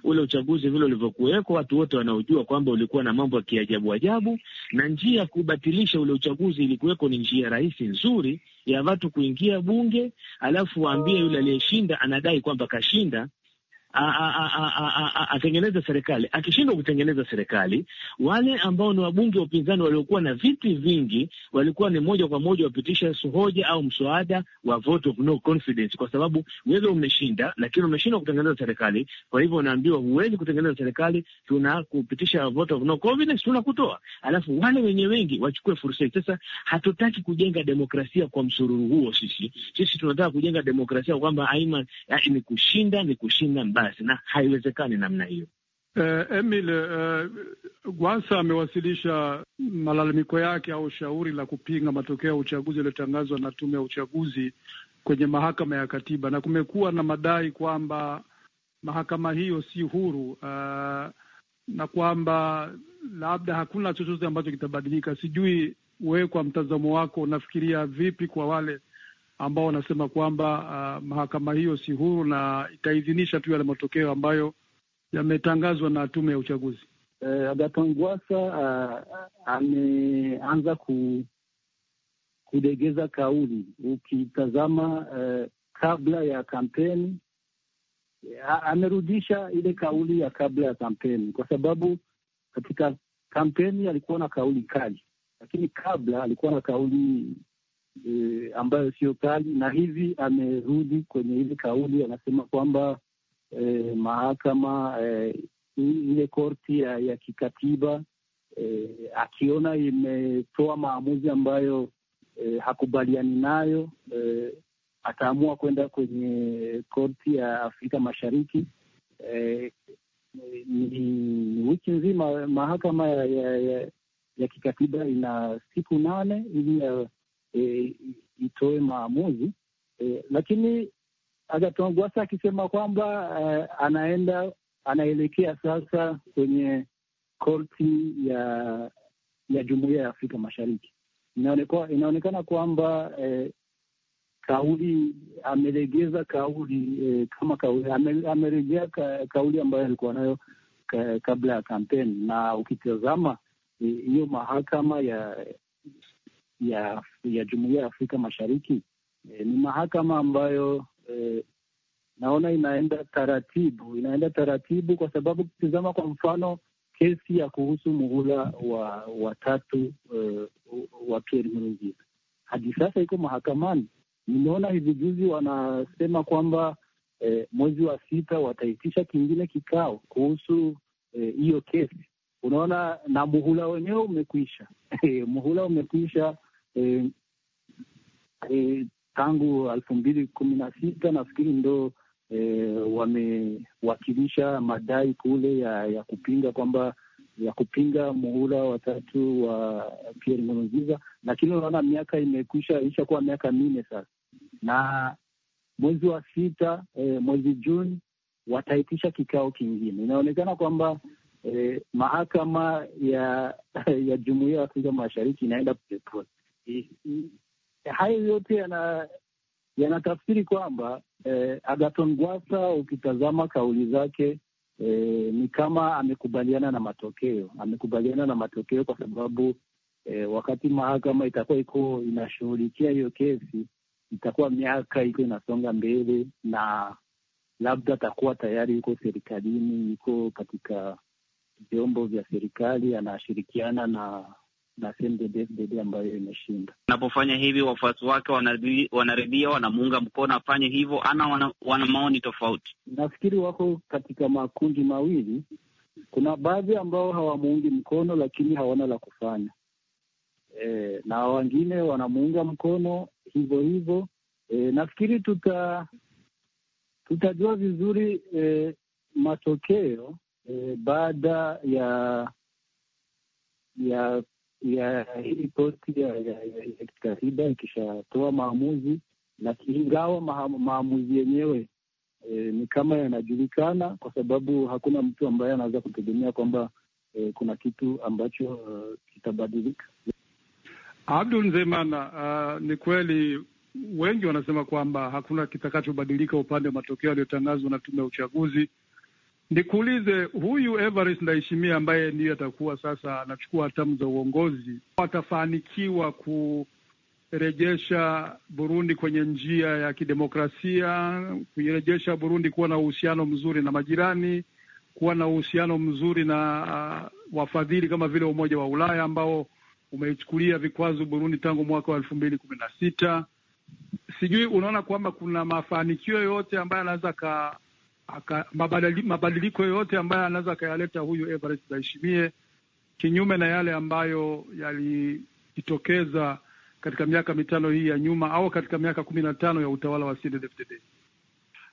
ule uchaguzi vile ulivyokuwekwa, watu wote wanaojua kwamba ulikuwa na mambo ya kiajabu ajabu, na njia ya kubatilisha ule uchaguzi ilikuweko ni njia rahisi nzuri ya watu kuingia bunge, alafu waambie yule aliyeshinda anadai kwamba kashinda, atengeneze serikali. Akishindwa kutengeneza serikali, wale ambao ni wabunge wa upinzani waliokuwa na viti vingi walikuwa ni moja kwa moja wapitisha hoja au mswada wa vote of no confidence, kwa sababu wewe umeshinda, lakini umeshindwa kutengeneza serikali. Kwa hivyo unaambiwa huwezi kutengeneza serikali, tuna kupitisha vote of no confidence, kutoa, Alafu wale wenye wengi wachukue fursa hii. Sasa hatutaki kujenga demokrasia kwa msururu huo. Sisi sisi tunataka kujenga demokrasia kwamba aima eh, ni kushinda, ni kushinda mbali karatasi, na haiwezekani namna hiyo. Eh, Emil eh, Gwasa amewasilisha malalamiko yake au shauri la kupinga matokeo ya uchaguzi yaliyotangazwa na tume ya uchaguzi kwenye mahakama ya katiba, na kumekuwa na madai kwamba mahakama hiyo si huru uh, na kwamba labda hakuna chochote ambacho kitabadilika. Sijui wewe kwa mtazamo wako unafikiria vipi kwa wale ambao wanasema kwamba uh, mahakama hiyo si huru na itaidhinisha tu yale matokeo ambayo yametangazwa na tume ya uchaguzi. Uh, eh, Agathon uh, ameanza ku, kudegeza kauli. Ukitazama uh, kabla ya kampeni amerudisha ile kauli ya kabla ya kampeni, kwa sababu katika kampeni alikuwa na kauli kali, lakini kabla alikuwa na kauli e, ambayo sio kali, na hivi amerudi kwenye hizi kauli, anasema kwamba e, mahakama e, ile korti ya, ya kikatiba e, akiona imetoa maamuzi ambayo e, hakubaliani nayo e, ataamua kwenda kwenye korti ya Afrika Mashariki. E, ni wiki nzima mahakama ya, ya, ya, ya kikatiba ina siku nane ili e, itoe maamuzi e, lakini agaton gwasa akisema kwamba uh, anaenda anaelekea sasa kwenye korti ya ya Jumuiya ya Afrika Mashariki. inaonekana kwamba eh, kauli amelegeza kauli eh, kama kauli ame, amerejea ka, kauli ambayo alikuwa nayo ka, kabla ya kampeni, na ukitazama e, hiyo eh, mahakama ya ya, ya Jumuiya ya Afrika Mashariki. E, ni mahakama ambayo e, naona inaenda taratibu, inaenda taratibu kwa sababu ukitizama kwa mfano kesi ya kuhusu muhula wa watatu e, wa Pierre Nkurunziza hadi sasa iko mahakamani. Nimeona hivi juzi wanasema kwamba eh, mwezi wa sita wataitisha kingine kikao kuhusu e, hiyo eh, kesi. Unaona, na muhula wenyewe umekwisha *laughs* muhula umekwisha e, e, tangu elfu mbili kumi na sita nafikiri ndo e, wamewakilisha madai kule ya, ya kupinga kwamba ya kupinga muhula watatu wa Pierre Nkurunziza, lakini unaona miaka imekwisha isha kuwa miaka minne sasa, na mwezi wa sita e, mwezi Juni wataitisha kikao kingine. Inaonekana kwamba eh, mahakama ya ya jumuiya ya Afrika Mashariki inaenda polepole hayo yote yanatafsiri kwamba eh, Agaton Gwasa ukitazama kauli zake eh, ni kama amekubaliana na matokeo, amekubaliana na matokeo kwa sababu eh, wakati mahakama itakuwa iko inashughulikia hiyo kesi itakuwa miaka iko inasonga mbele, na labda atakuwa tayari yuko serikalini, yuko katika vyombo vya serikali, anashirikiana na na CNDD-FDD ambayo imeshinda. Anapofanya hivi, wafuasi wake wanaridhia, wanamuunga mkono afanye hivyo, ana wana, wana maoni tofauti. Nafikiri wako katika makundi mawili. Kuna baadhi ambao hawamuungi mkono, lakini hawana la kufanya e, na wengine wanamuunga mkono hivyo hivyo. E, nafikiri tuta tutajua vizuri e, matokeo e, baada ya ya ya hii ripoti ya, ya, ya, ya kikatiba ikishatoa maamuzi, na ingawa maamuzi yenyewe e, ni kama yanajulikana, kwa sababu hakuna mtu ambaye anaweza kutegemea kwamba e, kuna kitu ambacho uh, kitabadilika. Abdul Nzemana, uh, ni kweli wengi wanasema kwamba hakuna kitakachobadilika upande wa matokeo yaliyotangazwa na tume ya uchaguzi Nikuulize, huyu Evarist Ndayishimiye ambaye ndiyo atakuwa sasa anachukua hatamu za uongozi, atafanikiwa kurejesha Burundi kwenye njia ya kidemokrasia, kuirejesha Burundi kuwa na uhusiano mzuri na majirani, kuwa na uhusiano mzuri na uh, wafadhili kama vile Umoja wa Ulaya ambao umeichukulia vikwazo Burundi tangu mwaka wa elfu mbili kumi na sita. Sijui unaona kwamba kuna mafanikio yoyote ambayo anaweza mabadiliko yoyote ambayo anaweza akayaleta huyu Evariste Ndayishimiye, kinyume na yale ambayo yalijitokeza katika miaka mitano hii ya nyuma au katika miaka kumi na tano ya utawala wa CNDD-FDD.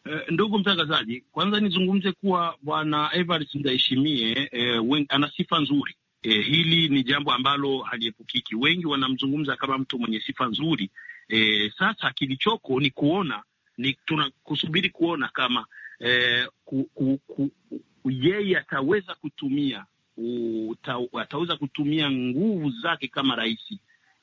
Eh, ndugu mtangazaji, kwanza nizungumze kuwa bwana Evariste Ndayishimiye eh, ana sifa nzuri. Eh, hili ni jambo ambalo haliepukiki. Wengi wanamzungumza kama mtu mwenye sifa nzuri. Eh, sasa kilichoko ni kuona ni tunakusubiri kuona kama eh, yeye ataweza kutumia uta, ataweza kutumia nguvu zake kama rais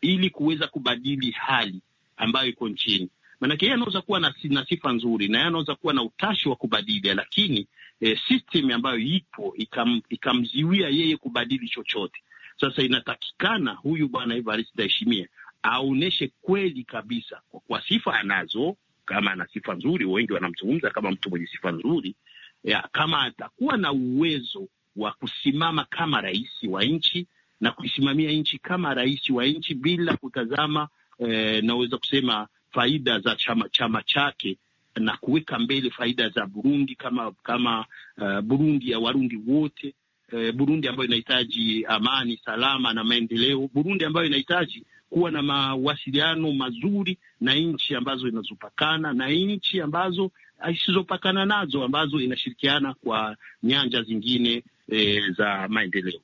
ili kuweza kubadili hali ambayo iko nchini. Maanake yeye anaweza kuwa na sifa nzuri na yeye anaweza kuwa na utashi wa kubadili, lakini eh, system ambayo ipo ikam, ikamziwia yeye kubadili chochote. Sasa inatakikana huyu bwana Evariste Ndayishimiye aoneshe kweli kabisa kwa, kwa sifa anazo kama ana sifa nzuri, wengi wanamzungumza kama mtu mwenye sifa nzuri ya, kama atakuwa na uwezo wa kusimama kama rais wa nchi na kuisimamia nchi kama rais wa nchi bila kutazama eh, naweza kusema faida za chama chama chake na kuweka mbele faida za Burundi kama kama uh, Burundi ya Warundi wote uh, Burundi ambayo inahitaji amani, salama na maendeleo, Burundi ambayo inahitaji kuwa na mawasiliano mazuri na nchi ambazo inazopakana na nchi ambazo ah, isizopakana nazo ambazo inashirikiana kwa nyanja zingine e, za maendeleo.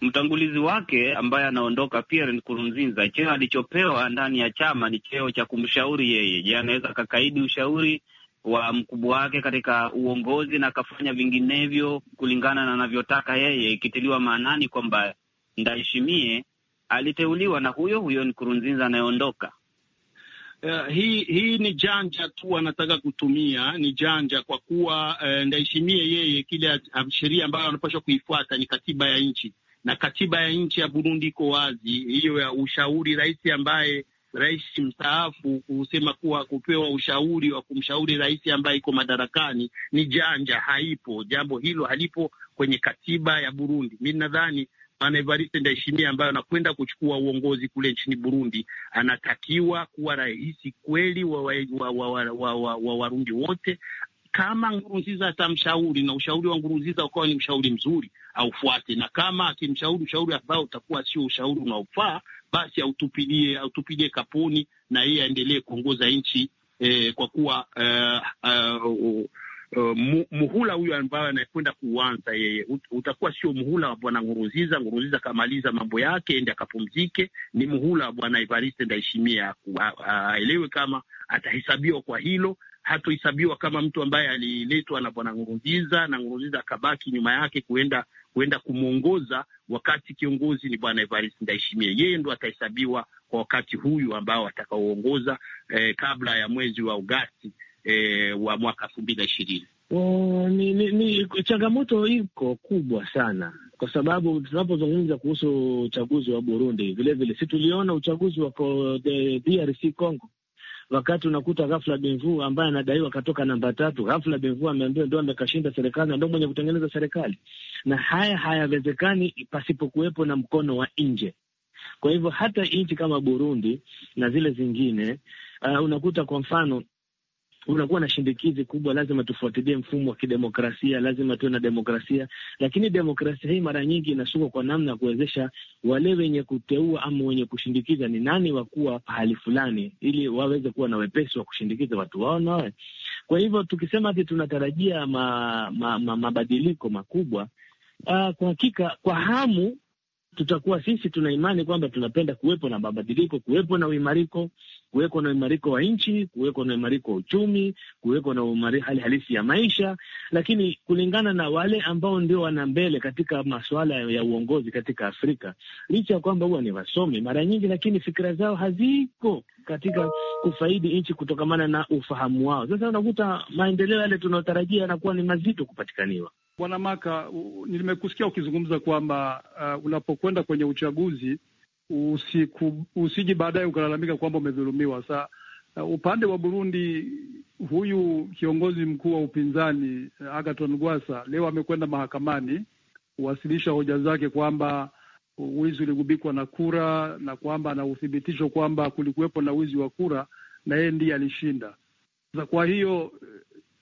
Mtangulizi wake ambaye anaondoka Pierre Nkurunziza, cheo alichopewa ndani ya chama ni cheo cha kumshauri yeye. Je, anaweza akakaidi ushauri wa mkubwa wake katika uongozi na akafanya vinginevyo kulingana na anavyotaka yeye, ikitiliwa maanani kwamba ndaheshimie aliteuliwa na huyo huyo Nkurunziza anayeondoka. Uh, hii hii ni janja tu anataka kutumia, ni janja kwa kuwa uh, eh, ndaheshimie yeye kile sheria ambayo anapaswa kuifuata ni katiba ya nchi, na katiba ya nchi ya Burundi iko wazi, hiyo ya ushauri rais ambaye rais mstaafu kusema kuwa kupewa ushauri wa kumshauri rais ambaye iko madarakani ni janja, haipo. Jambo hilo halipo kwenye katiba ya Burundi. Mi nadhani Bwana Evariste Ndayishimiye anakwenda kuchukua uongozi kule nchini Burundi anatakiwa kuwa rais kweli wa Warundi wa, wa, wa, wa, wa, wa, wote kama ngurunziza atamshauri na ushauri wa ngurunziza ukawa ni ushauri mzuri, aufuate, na kama akimshauri ushauri ambao utakuwa sio ushauri unaofaa, basi autupilie autupilie kapuni na yeye aendelee kuongoza nchi eh, kwa kuwa eh, uh, uh, muhula huyo ambayo anakwenda kuanza yeye utakuwa sio muhula wa bwana Nguruziza. Nguruziza akamaliza mambo yake ende akapumzike, ni muhula wa bwana Evariste Ndayishimiye. Aelewe kama atahesabiwa kwa hilo, hatohesabiwa kama mtu ambaye aliletwa na bwana Nguruziza na Nguruziza akabaki nyuma yake kuenda kuenda kumwongoza, wakati kiongozi ni bwana Evariste Ndayishimiye. Yeye ndo atahesabiwa kwa wakati huyu ambao atakaoongoza eh, kabla ya mwezi wa Agosti e, wa mwaka elfu mbili na ishirini. ni, ni, ni changamoto iko kubwa sana kwa sababu tunapozungumza kuhusu uchaguzi wa Burundi vilevile, si tuliona uchaguzi wa DRC Congo, wakati unakuta ghafla Benvu ambaye anadaiwa katoka namba tatu, ghafla Benvu ameambiwa ndo amekashinda serikali na ndo mwenye kutengeneza serikali, na haya hayawezekani pasipokuwepo na mkono wa nje. Kwa hivyo hata nchi kama Burundi na zile zingine uh, unakuta kwa mfano unakuwa na shindikizi kubwa, lazima tufuatilie mfumo wa kidemokrasia, lazima tuwe na demokrasia. Lakini demokrasia hii mara nyingi inasukwa kwa namna ya kuwezesha wale wenye kuteua ama wenye kushindikiza ni nani wakuwa pahali fulani, ili waweze kuwa na wepesi wa kushindikiza watu wao na wawe. Kwa hivyo tukisema ati tunatarajia ma, ma, ma, mabadiliko makubwa, uh, kwa hakika kwa hamu tutakuwa sisi tuna imani kwamba tunapenda kuwepo na mabadiliko, kuwepo na uimariko, kuweko na uimariko wa nchi, kuweko na uimariko wa uchumi, kuweko na hali halisi ya maisha, lakini kulingana na wale ambao ndio wana mbele katika masuala ya uongozi katika Afrika, licha ya kwamba huwa ni wasomi mara nyingi, lakini fikira zao haziko katika kufaidi nchi kutokamana na ufahamu wao. Sasa unakuta maendeleo yale tunayotarajia yanakuwa ni mazito kupatikaniwa. Bwana Maka, nimekusikia ukizungumza kwamba uh, unapokwenda kwenye uchaguzi usiku, usiji baadaye ukalalamika kwamba umedhulumiwa. Sa uh, upande wa Burundi, huyu kiongozi mkuu wa upinzani uh, Agaton gwasa leo amekwenda mahakamani kuwasilisha hoja zake kwamba wizi uligubikwa na kura na kwamba ana uthibitisho kwamba kulikuwepo na wizi wa kura na yeye ndiye alishinda. Sasa kwa hiyo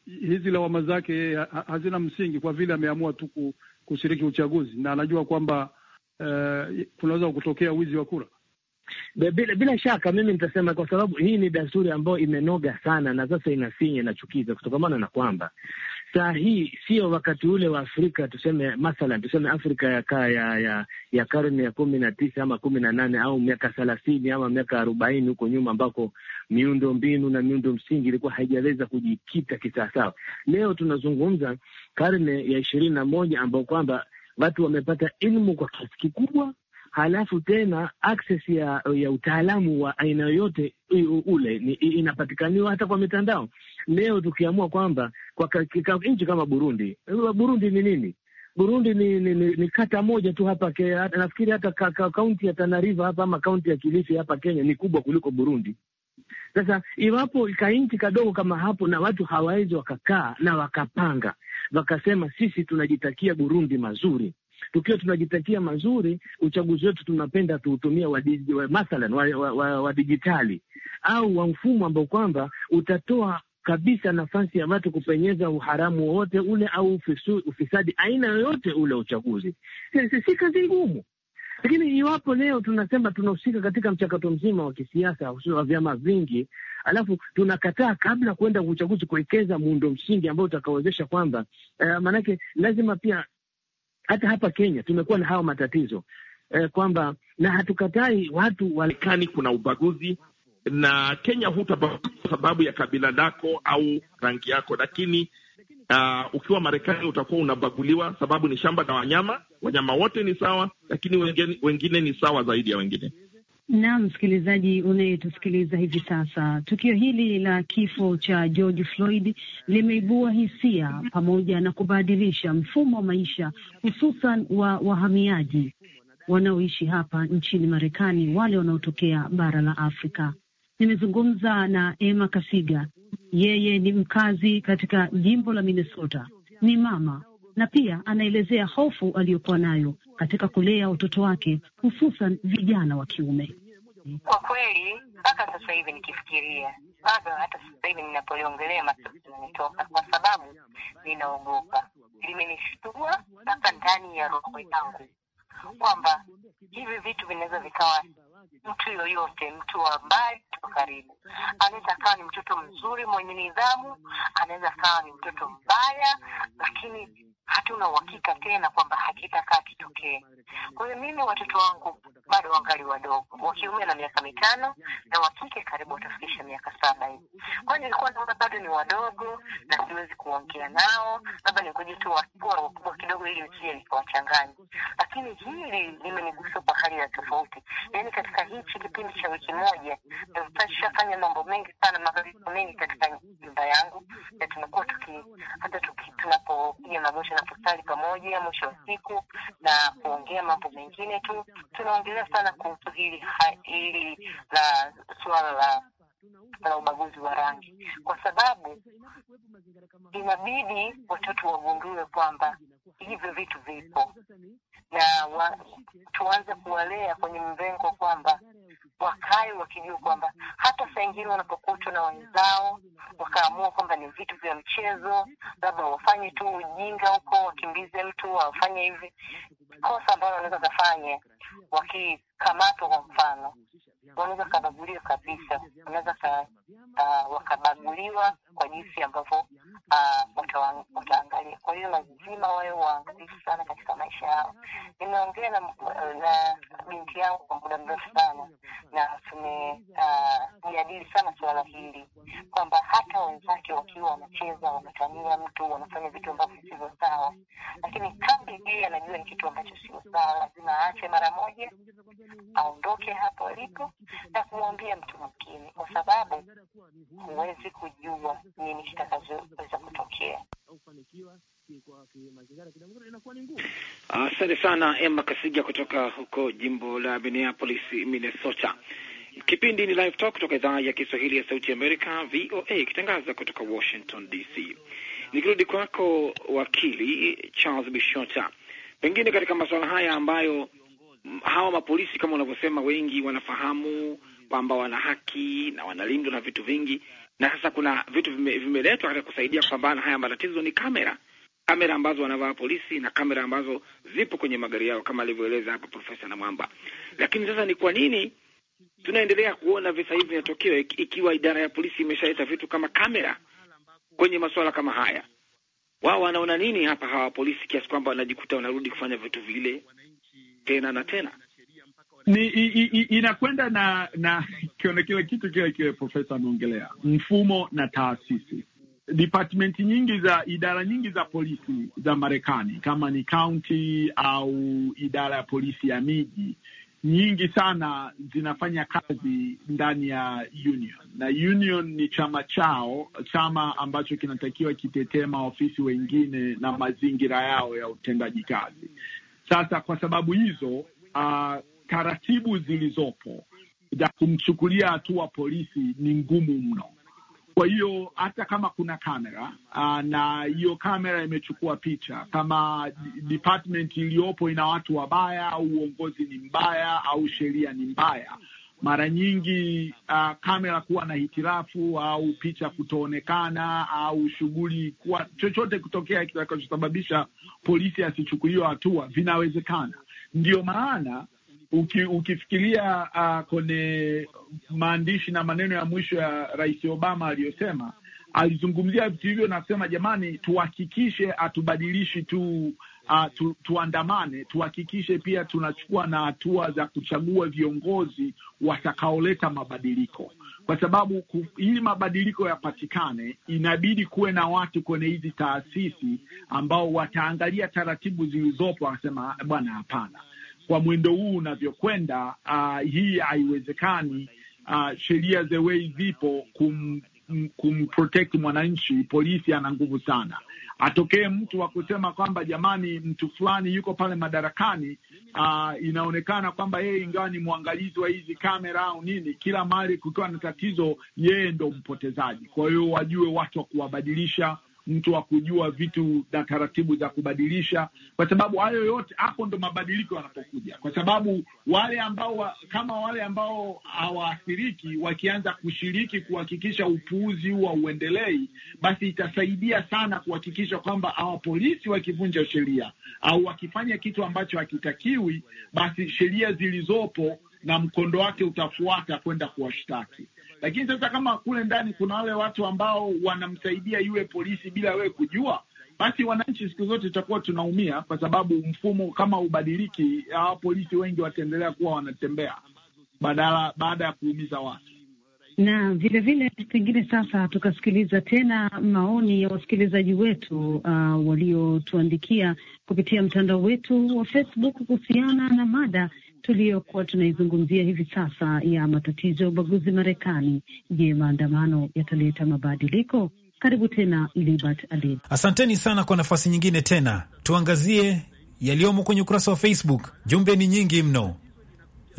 hizi lawama zake hazina msingi kwa vile ameamua tu kushiriki uchaguzi na anajua kwamba uh, kunaweza kutokea wizi wa kura. Bila, bila shaka mimi nitasema kwa sababu hii ni dasturi ambayo imenoga sana na sasa inasinya inachukiza, kutokamana na kwamba saa hii sio wakati ule wa Afrika, tuseme mathalan, tuseme Afrika ya ka, ya, ya, ya karne ya kumi na tisa ama kumi na nane au miaka thelathini ama miaka arobaini huko nyuma, ambako miundo mbinu na miundo msingi ilikuwa haijaweza kujikita kisawasawa. Leo tunazungumza karne ya ishirini na moja ambao kwamba watu wamepata elimu kwa kiasi kikubwa halafu tena access ya ya utaalamu wa aina yoyote ule inapatikaniwa hata kwa mitandao. Leo tukiamua kwamba kwa nchi kama Burundi, eh, Burundi ni nini? Burundi ni, ni, ni, ni kata moja tu hapa ke, nafikiri hata kaunti ya Tana River hapa ama kaunti ya Kilifi hapa Kenya ni kubwa kuliko Burundi. Sasa iwapo kanchi kadogo kama hapo na watu hawawezi wakakaa na wakapanga wakasema, sisi tunajitakia Burundi mazuri tukiwa tunajitakia mazuri, uchaguzi wetu tunapenda tuutumia wa, wa, mathalan wa, wa, wa, wa dijitali au wa mfumo ambao kwamba utatoa kabisa nafasi ya watu kupenyeza uharamu wowote ule au ufisu, ufisadi aina yoyote ule uchaguzi. Si kazi ngumu, lakini iwapo leo tunasema tunahusika katika mchakato mzima wa kisiasa wa vyama vingi, alafu tunakataa kabla kuenda uchaguzi kuwekeza muundo msingi ambao utakawezesha kwamba, uh, maanake lazima pia hata hapa Kenya tumekuwa na hayo matatizo eh, kwamba na hatukatai watu walekani, kuna ubaguzi na Kenya hutabagua kwa sababu ya kabila lako au rangi yako, lakini uh, ukiwa Marekani utakuwa unabaguliwa sababu ni shamba la wanyama. Wanyama wote ni sawa, lakini wengine, wengine ni sawa zaidi ya wengine. Na msikilizaji unayetusikiliza hivi sasa, tukio hili la kifo cha George Floyd limeibua hisia pamoja na kubadilisha mfumo wa maisha hususan wa wahamiaji wanaoishi hapa nchini Marekani, wale wanaotokea bara la Afrika. Nimezungumza na Emma Kasiga, yeye ni mkazi katika jimbo la Minnesota, ni mama na pia anaelezea hofu aliyokuwa nayo katika kulea watoto wake hususan vijana wa kiume. Kwa kweli mpaka sasa hivi nikifikiria bado, hata sasa hivi ninapoliongelea machozi yananitoka, kwa sababu ninaogopa, limenishtua mpaka ndani ya roho yangu kwamba hivi vitu vinaweza vikawa mtu yoyote, mtu wa mbali wa karibu. Anaweza akawa ni mtoto mzuri mwenye nidhamu, anaweza akawa ni mtoto mbaya, lakini hatuna uhakika tena kwamba hakitakaa kitokee. Kwa hiyo mimi watoto wangu bado wangali wadogo, wa kiume na miaka mitano na wa kike karibu watafikisha miaka saba hivi. Kwa hiyo nilikuwa naona bado ni wadogo na siwezi kuongea nao, labda nikoje tu wakuwa wakubwa kidogo, ili nisije nikawachanganya. Lakini hili limenigusa kwa hali ya tofauti, yaani katika katika hichi kipindi cha wiki moja tutashafanya mambo mengi sana, mabadiliko mengi katika nyumba yangu, na tumekuwa tuki hata tuki tunapopiga magoti na kusali pamoja mwisho wa siku na kuongea mambo mengine tu, tunaongelea sana kuhusu hili hili la suala la na ubaguzi wa rangi, kwa sababu inabidi watoto wagundue kwamba hivyo vitu vipo na wa, tuanze kuwalea kwenye mrengo kwamba wakae wakijua kwamba hata saa ingine wanapokutwa na wenzao wakaamua kwamba ni vitu vya mchezo, labda wafanye tu ujinga huko, wakimbize mtu, wafanye hivi, kosa ambalo wanaweza kafanya wakikamatwa, kwa mfano, wanaweza kabaguliwa kabisa, wanaweza ka, uh, wakabaguliwa kwa jinsi ambavyo uh, wataangalia. Kwa hiyo lazima wawe waangalifu sana katika maisha yao. Nimeongea na, na binti yangu kwa muda mrefu sana na tumejadili uh, sana suala hili kwamba hata wenzake wakiwa wanacheza wanatania mtu wanafanya vitu ambavyo visivyo sawa, lakini kama yeye anajua ni kitu ambacho sio sawa, lazima aache mara moja, aondoke hapo alipo na kumwambia mtu mwingine, kwa sababu huwezi kujua nini kitakazo kutokea. Asante sana Emma Kasiga kutoka huko jimbo la Minneapolis, Minnesota. Kipindi ni Live Talk kutoka idhaa ya Kiswahili ya Sauti Amerika, VOA, ikitangaza kutoka Washington DC. Nikirudi kwako wakili Charles Bishota, pengine katika masuala haya ambayo hawa mapolisi kama unavyosema, wengi wanafahamu kwamba wana haki na wanalindwa na vitu vingi, na sasa kuna vitu vimeletwa katika kusaidia kupambana haya matatizo ni kamera, kamera ambazo wanavaa polisi na kamera ambazo zipo kwenye magari yao kama alivyoeleza hapa Profesa Namwamba. Lakini sasa ni kwa nini tunaendelea kuona visa hivi vinatokea ikiwa idara ya polisi imeshaleta vitu kama kamera kwenye masuala kama haya? Wao wanaona nini hapa hawa polisi, kiasi kwamba wanajikuta wanarudi kufanya vitu vile tena na tena? ni inakwenda na na *laughs* kiona kile kitu kile kile profesa ameongelea mfumo na taasisi. Department nyingi za idara nyingi za polisi za Marekani, kama ni county au idara ya polisi ya miji nyingi sana zinafanya kazi ndani ya union, na union ni chama chao, chama ambacho kinatakiwa kitetee maofisi wengine na mazingira yao ya utendaji kazi. Sasa kwa sababu hizo uh, taratibu zilizopo za kumchukulia hatua polisi ni ngumu mno. Kwa hiyo hata kama kuna kamera ah, na hiyo kamera imechukua picha, kama department iliyopo ina watu wabaya au uongozi ni mbaya au sheria ni mbaya, mara nyingi uh, kamera kuwa na hitilafu au picha kutoonekana au shughuli kuwa chochote kutokea kitakachosababisha polisi asichukuliwa hatua vinawezekana. Ndiyo maana uki, ukifikiria uh, kwenye maandishi na maneno ya mwisho ya Rais Obama aliyosema, alizungumzia vitu hivyo, nasema jamani, tuhakikishe hatubadilishi tu Uh, tu, tuandamane tuhakikishe pia tunachukua na hatua za kuchagua viongozi watakaoleta mabadiliko, kwa sababu ku, ili mabadiliko yapatikane inabidi kuwe na watu kwenye hizi taasisi ambao wataangalia taratibu zilizopo, wanasema bwana, hapana, kwa mwendo huu unavyokwenda, uh, hii haiwezekani. Uh, sheria the way zipo kum, kumprotect mwananchi, polisi ana nguvu sana. Atokee mtu wa kusema kwamba jamani, mtu fulani yuko pale madarakani, uh, inaonekana kwamba yeye ingawa ni mwangalizi wa hizi kamera au nini, kila mali kukiwa na tatizo, yeye ndo mpotezaji. Kwa hiyo wajue watu wa kuwabadilisha mtu wa kujua vitu na taratibu za kubadilisha, kwa sababu hayo yote hapo ndo mabadiliko yanapokuja, kwa sababu wale ambao kama wale ambao hawaathiriki wakianza kushiriki kuhakikisha upuuzi huo hauendelei, basi itasaidia sana kuhakikisha kwamba hawa polisi wakivunja sheria au wakifanya kitu ambacho hakitakiwi, basi sheria zilizopo na mkondo wake utafuata kwenda kuwashtaki. Lakini sasa kama kule ndani kuna wale watu ambao wanamsaidia yule polisi bila wewe kujua, basi wananchi siku zote tutakuwa tunaumia, kwa sababu mfumo kama ubadiliki, hawa polisi wengi wataendelea kuwa wanatembea badala baada ya kuumiza watu na vilevile pengine sasa tukasikiliza tena maoni ya wasikilizaji wetu uh, waliotuandikia kupitia mtandao wetu wa Facebook kuhusiana na mada tuliyokuwa tunaizungumzia hivi sasa ya matatizo ya ubaguzi Marekani. Je, maandamano yataleta mabadiliko? Karibu tena Libert Ali. Asanteni sana kwa nafasi nyingine tena. Tuangazie yaliyomo kwenye ukurasa wa Facebook. Jumbe ni nyingi mno.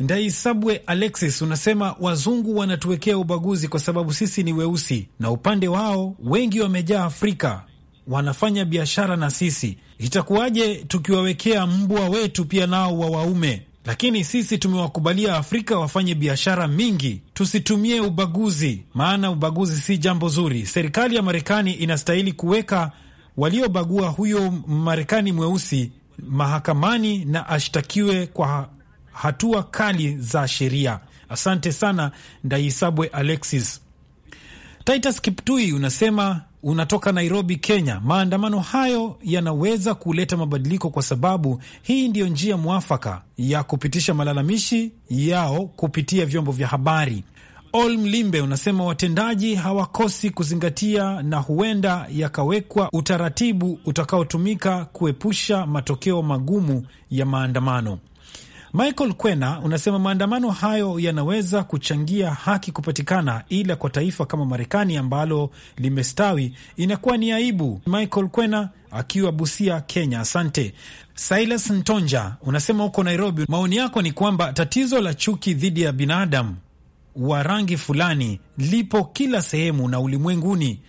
Ndaisabwe Alexis unasema wazungu wanatuwekea ubaguzi kwa sababu sisi ni weusi, na upande wao wengi wamejaa Afrika, wanafanya biashara na sisi. Itakuwaje tukiwawekea mbwa wetu pia nao wa waume? lakini sisi tumewakubalia afrika wafanye biashara mingi, tusitumie ubaguzi, maana ubaguzi si jambo zuri. Serikali ya Marekani inastahili kuweka waliobagua huyo Marekani mweusi mahakamani na ashtakiwe kwa hatua kali za sheria. Asante sana Ndaisabwe Alexis. Titus Kiptui unasema unatoka Nairobi, Kenya. Maandamano hayo yanaweza kuleta mabadiliko kwa sababu hii ndiyo njia mwafaka ya kupitisha malalamishi yao kupitia vyombo vya habari. Ol Mlimbe unasema watendaji hawakosi kuzingatia na huenda yakawekwa utaratibu utakaotumika kuepusha matokeo magumu ya maandamano. Michael Kwena unasema maandamano hayo yanaweza kuchangia haki kupatikana, ila kwa taifa kama Marekani ambalo limestawi inakuwa ni aibu. Michael Kwena akiwa Busia, Kenya. Asante. Silas Ntonja unasema huko Nairobi, maoni yako ni kwamba tatizo la chuki dhidi ya binadamu wa rangi fulani lipo kila sehemu na ulimwenguni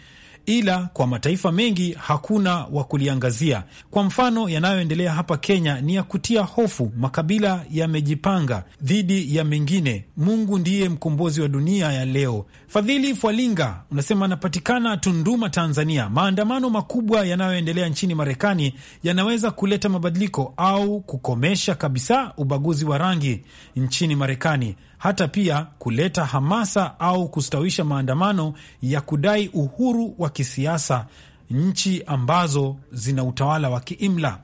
ila kwa mataifa mengi hakuna wa kuliangazia. Kwa mfano, yanayoendelea hapa Kenya ni ya kutia hofu. Makabila yamejipanga dhidi ya mengine. Mungu ndiye mkombozi wa dunia ya leo. Fadhili Fwalinga unasema anapatikana Tunduma, Tanzania. Maandamano makubwa yanayoendelea nchini Marekani yanaweza kuleta mabadiliko au kukomesha kabisa ubaguzi wa rangi nchini Marekani hata pia kuleta hamasa au kustawisha maandamano ya kudai uhuru wa kisiasa nchi ambazo zina utawala wa kiimla.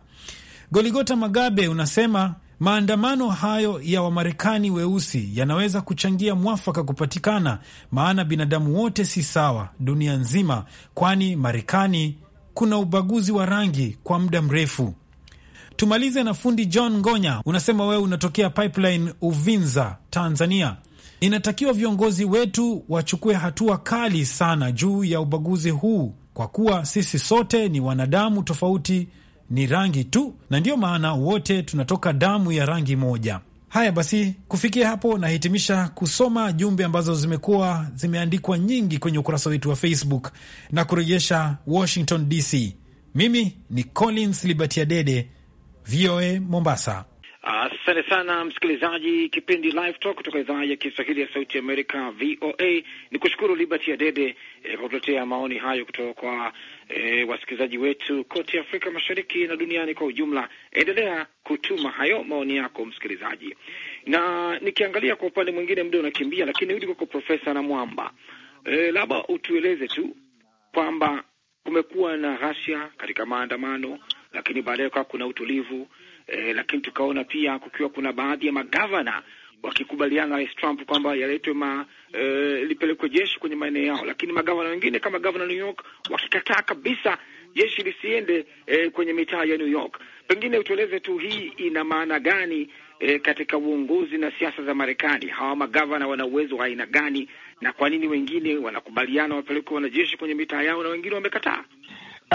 Goligota Magabe unasema maandamano hayo ya Wamarekani weusi yanaweza kuchangia mwafaka kupatikana, maana binadamu wote si sawa dunia nzima, kwani Marekani kuna ubaguzi wa rangi kwa muda mrefu. Tumalize na fundi John Ngonya, unasema wewe unatokea Pipeline, Uvinza, Tanzania. Inatakiwa viongozi wetu wachukue hatua kali sana juu ya ubaguzi huu, kwa kuwa sisi sote ni wanadamu, tofauti ni rangi tu, na ndiyo maana wote tunatoka damu ya rangi moja. Haya basi, kufikia hapo nahitimisha kusoma jumbe ambazo zimekuwa zimeandikwa nyingi kwenye ukurasa wetu wa Facebook na kurejesha Washington DC. Mimi ni Collins Libertia VOA Mombasa. Asante sana msikilizaji, kipindi Live Talk kutoka idhaa ya Kiswahili ya Sauti Amerika VOA. Ni kushukuru Liberty Adede eh, kwa kutuletea maoni hayo kutoka kwa eh, wasikilizaji wetu kote Afrika Mashariki na duniani kwa ujumla. Endelea kutuma hayo maoni yako msikilizaji, na nikiangalia kwa upande mwingine, muda unakimbia, lakini hudi kwako Profesa na Mwamba, eh, labda utueleze tu kwamba kumekuwa na ghasia katika maandamano lakini baadaye ukawa kuna utulivu e, lakini tukaona pia kukiwa kuna baadhi ya magavana wakikubaliana na Rais Trump kwamba yaletwe ma e, lipelekwe jeshi kwenye maeneo yao, lakini magavana wengine kama gavana New York wakikataa kabisa jeshi lisiende e, kwenye mitaa ya New York. Pengine utueleze tu hii ina maana gani e, katika uongozi na siasa za Marekani? Hawa magavana wana uwezo wa aina gani, na kwa nini wengine wanakubaliana wapelekwe wanajeshi kwenye mitaa yao na wengine wamekataa?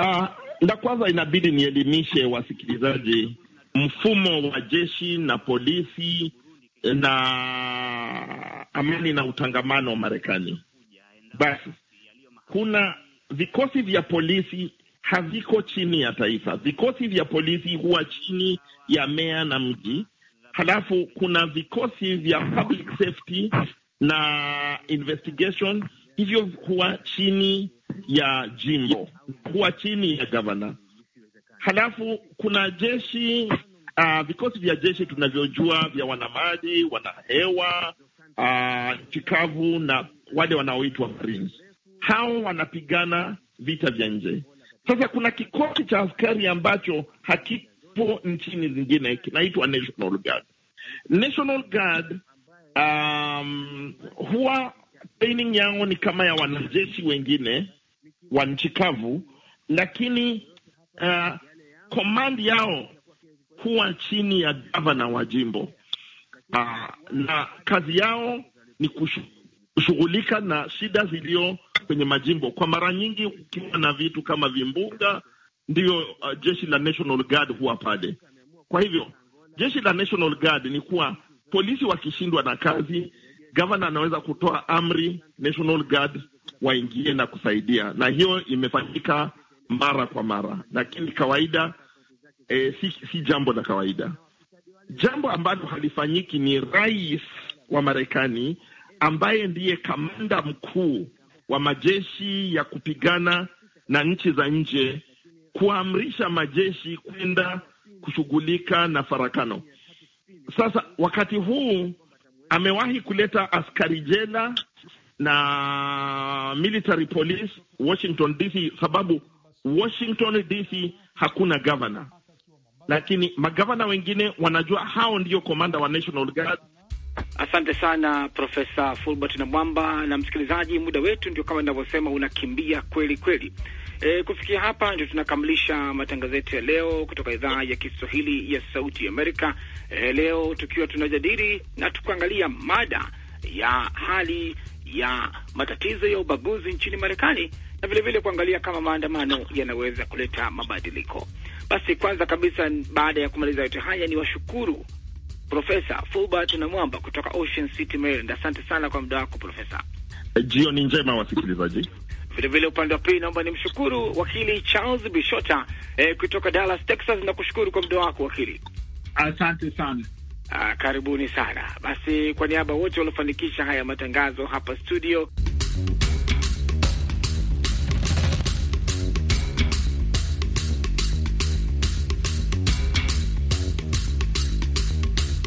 Uh, la kwanza inabidi nielimishe wasikilizaji, mfumo wa jeshi na polisi na amani na utangamano wa Marekani. Basi kuna vikosi vya polisi haviko chini ya taifa. Vikosi vya polisi huwa chini ya meya na mji, halafu kuna vikosi vya public safety na investigation, hivyo huwa chini ya jimbo kuwa chini ya gavana. Halafu kuna jeshi uh, vikosi vya jeshi tunavyojua vya wanamaji, wanahewa, uh, chikavu na wale wanaoitwa Marines. Hao wanapigana vita vya nje. Sasa kuna kikosi cha askari ambacho hakipo nchini zingine kinaitwa National Guard. National Guard um, huwa training yao ni kama ya wanajeshi wengine wa nchi kavu, lakini uh, komandi yao huwa chini ya gavana wa jimbo uh, na kazi yao ni kushughulika na shida ziliyo kwenye majimbo. Kwa mara nyingi, ukiwa na vitu kama vimbunga, ndiyo uh, jeshi la National Guard huwa pale. Kwa hivyo jeshi la National Guard ni kuwa polisi wakishindwa na kazi, gavana anaweza kutoa amri National Guard waingie na kusaidia, na hiyo imefanyika mara kwa mara, lakini kawaida e, si, si jambo la kawaida. Jambo ambalo halifanyiki ni rais wa Marekani ambaye ndiye kamanda mkuu wa majeshi ya kupigana na nchi za nje kuamrisha majeshi kwenda kushughulika na farakano. Sasa wakati huu amewahi kuleta askari jela na military police Washington DC, sababu Washington DC hakuna governor, lakini magavana wengine wanajua hao ndio komanda wa National Guard. Asante sana Profesa Fulbert na Mwamba. Na msikilizaji, muda wetu ndio kama ninavyosema unakimbia kweli kweli. E, kufikia hapa ndio tunakamilisha matangazo yetu ya leo kutoka idhaa ya Kiswahili ya Sauti Amerika. E, leo tukiwa tunajadili na tukuangalia mada ya hali ya matatizo ya ubaguzi nchini Marekani na vilevile vile kuangalia kama maandamano yanaweza kuleta mabadiliko. Basi kwanza kabisa, baada ya kumaliza yote haya, ni washukuru Profesa Fulbert na Mwamba kutoka Ocean City, Maryland. Asante sana kwa muda wako Profesa. Jioni njema wasikilizaji. Vilevile upande wa pili, naomba nimshukuru wakili Charles Bishota eh, kutoka Dallas, Texas, na kushukuru kwa muda wako wakili. Asante sana. Aa, ah, karibuni sana basi, kwa niaba wote waliofanikisha haya matangazo hapa studio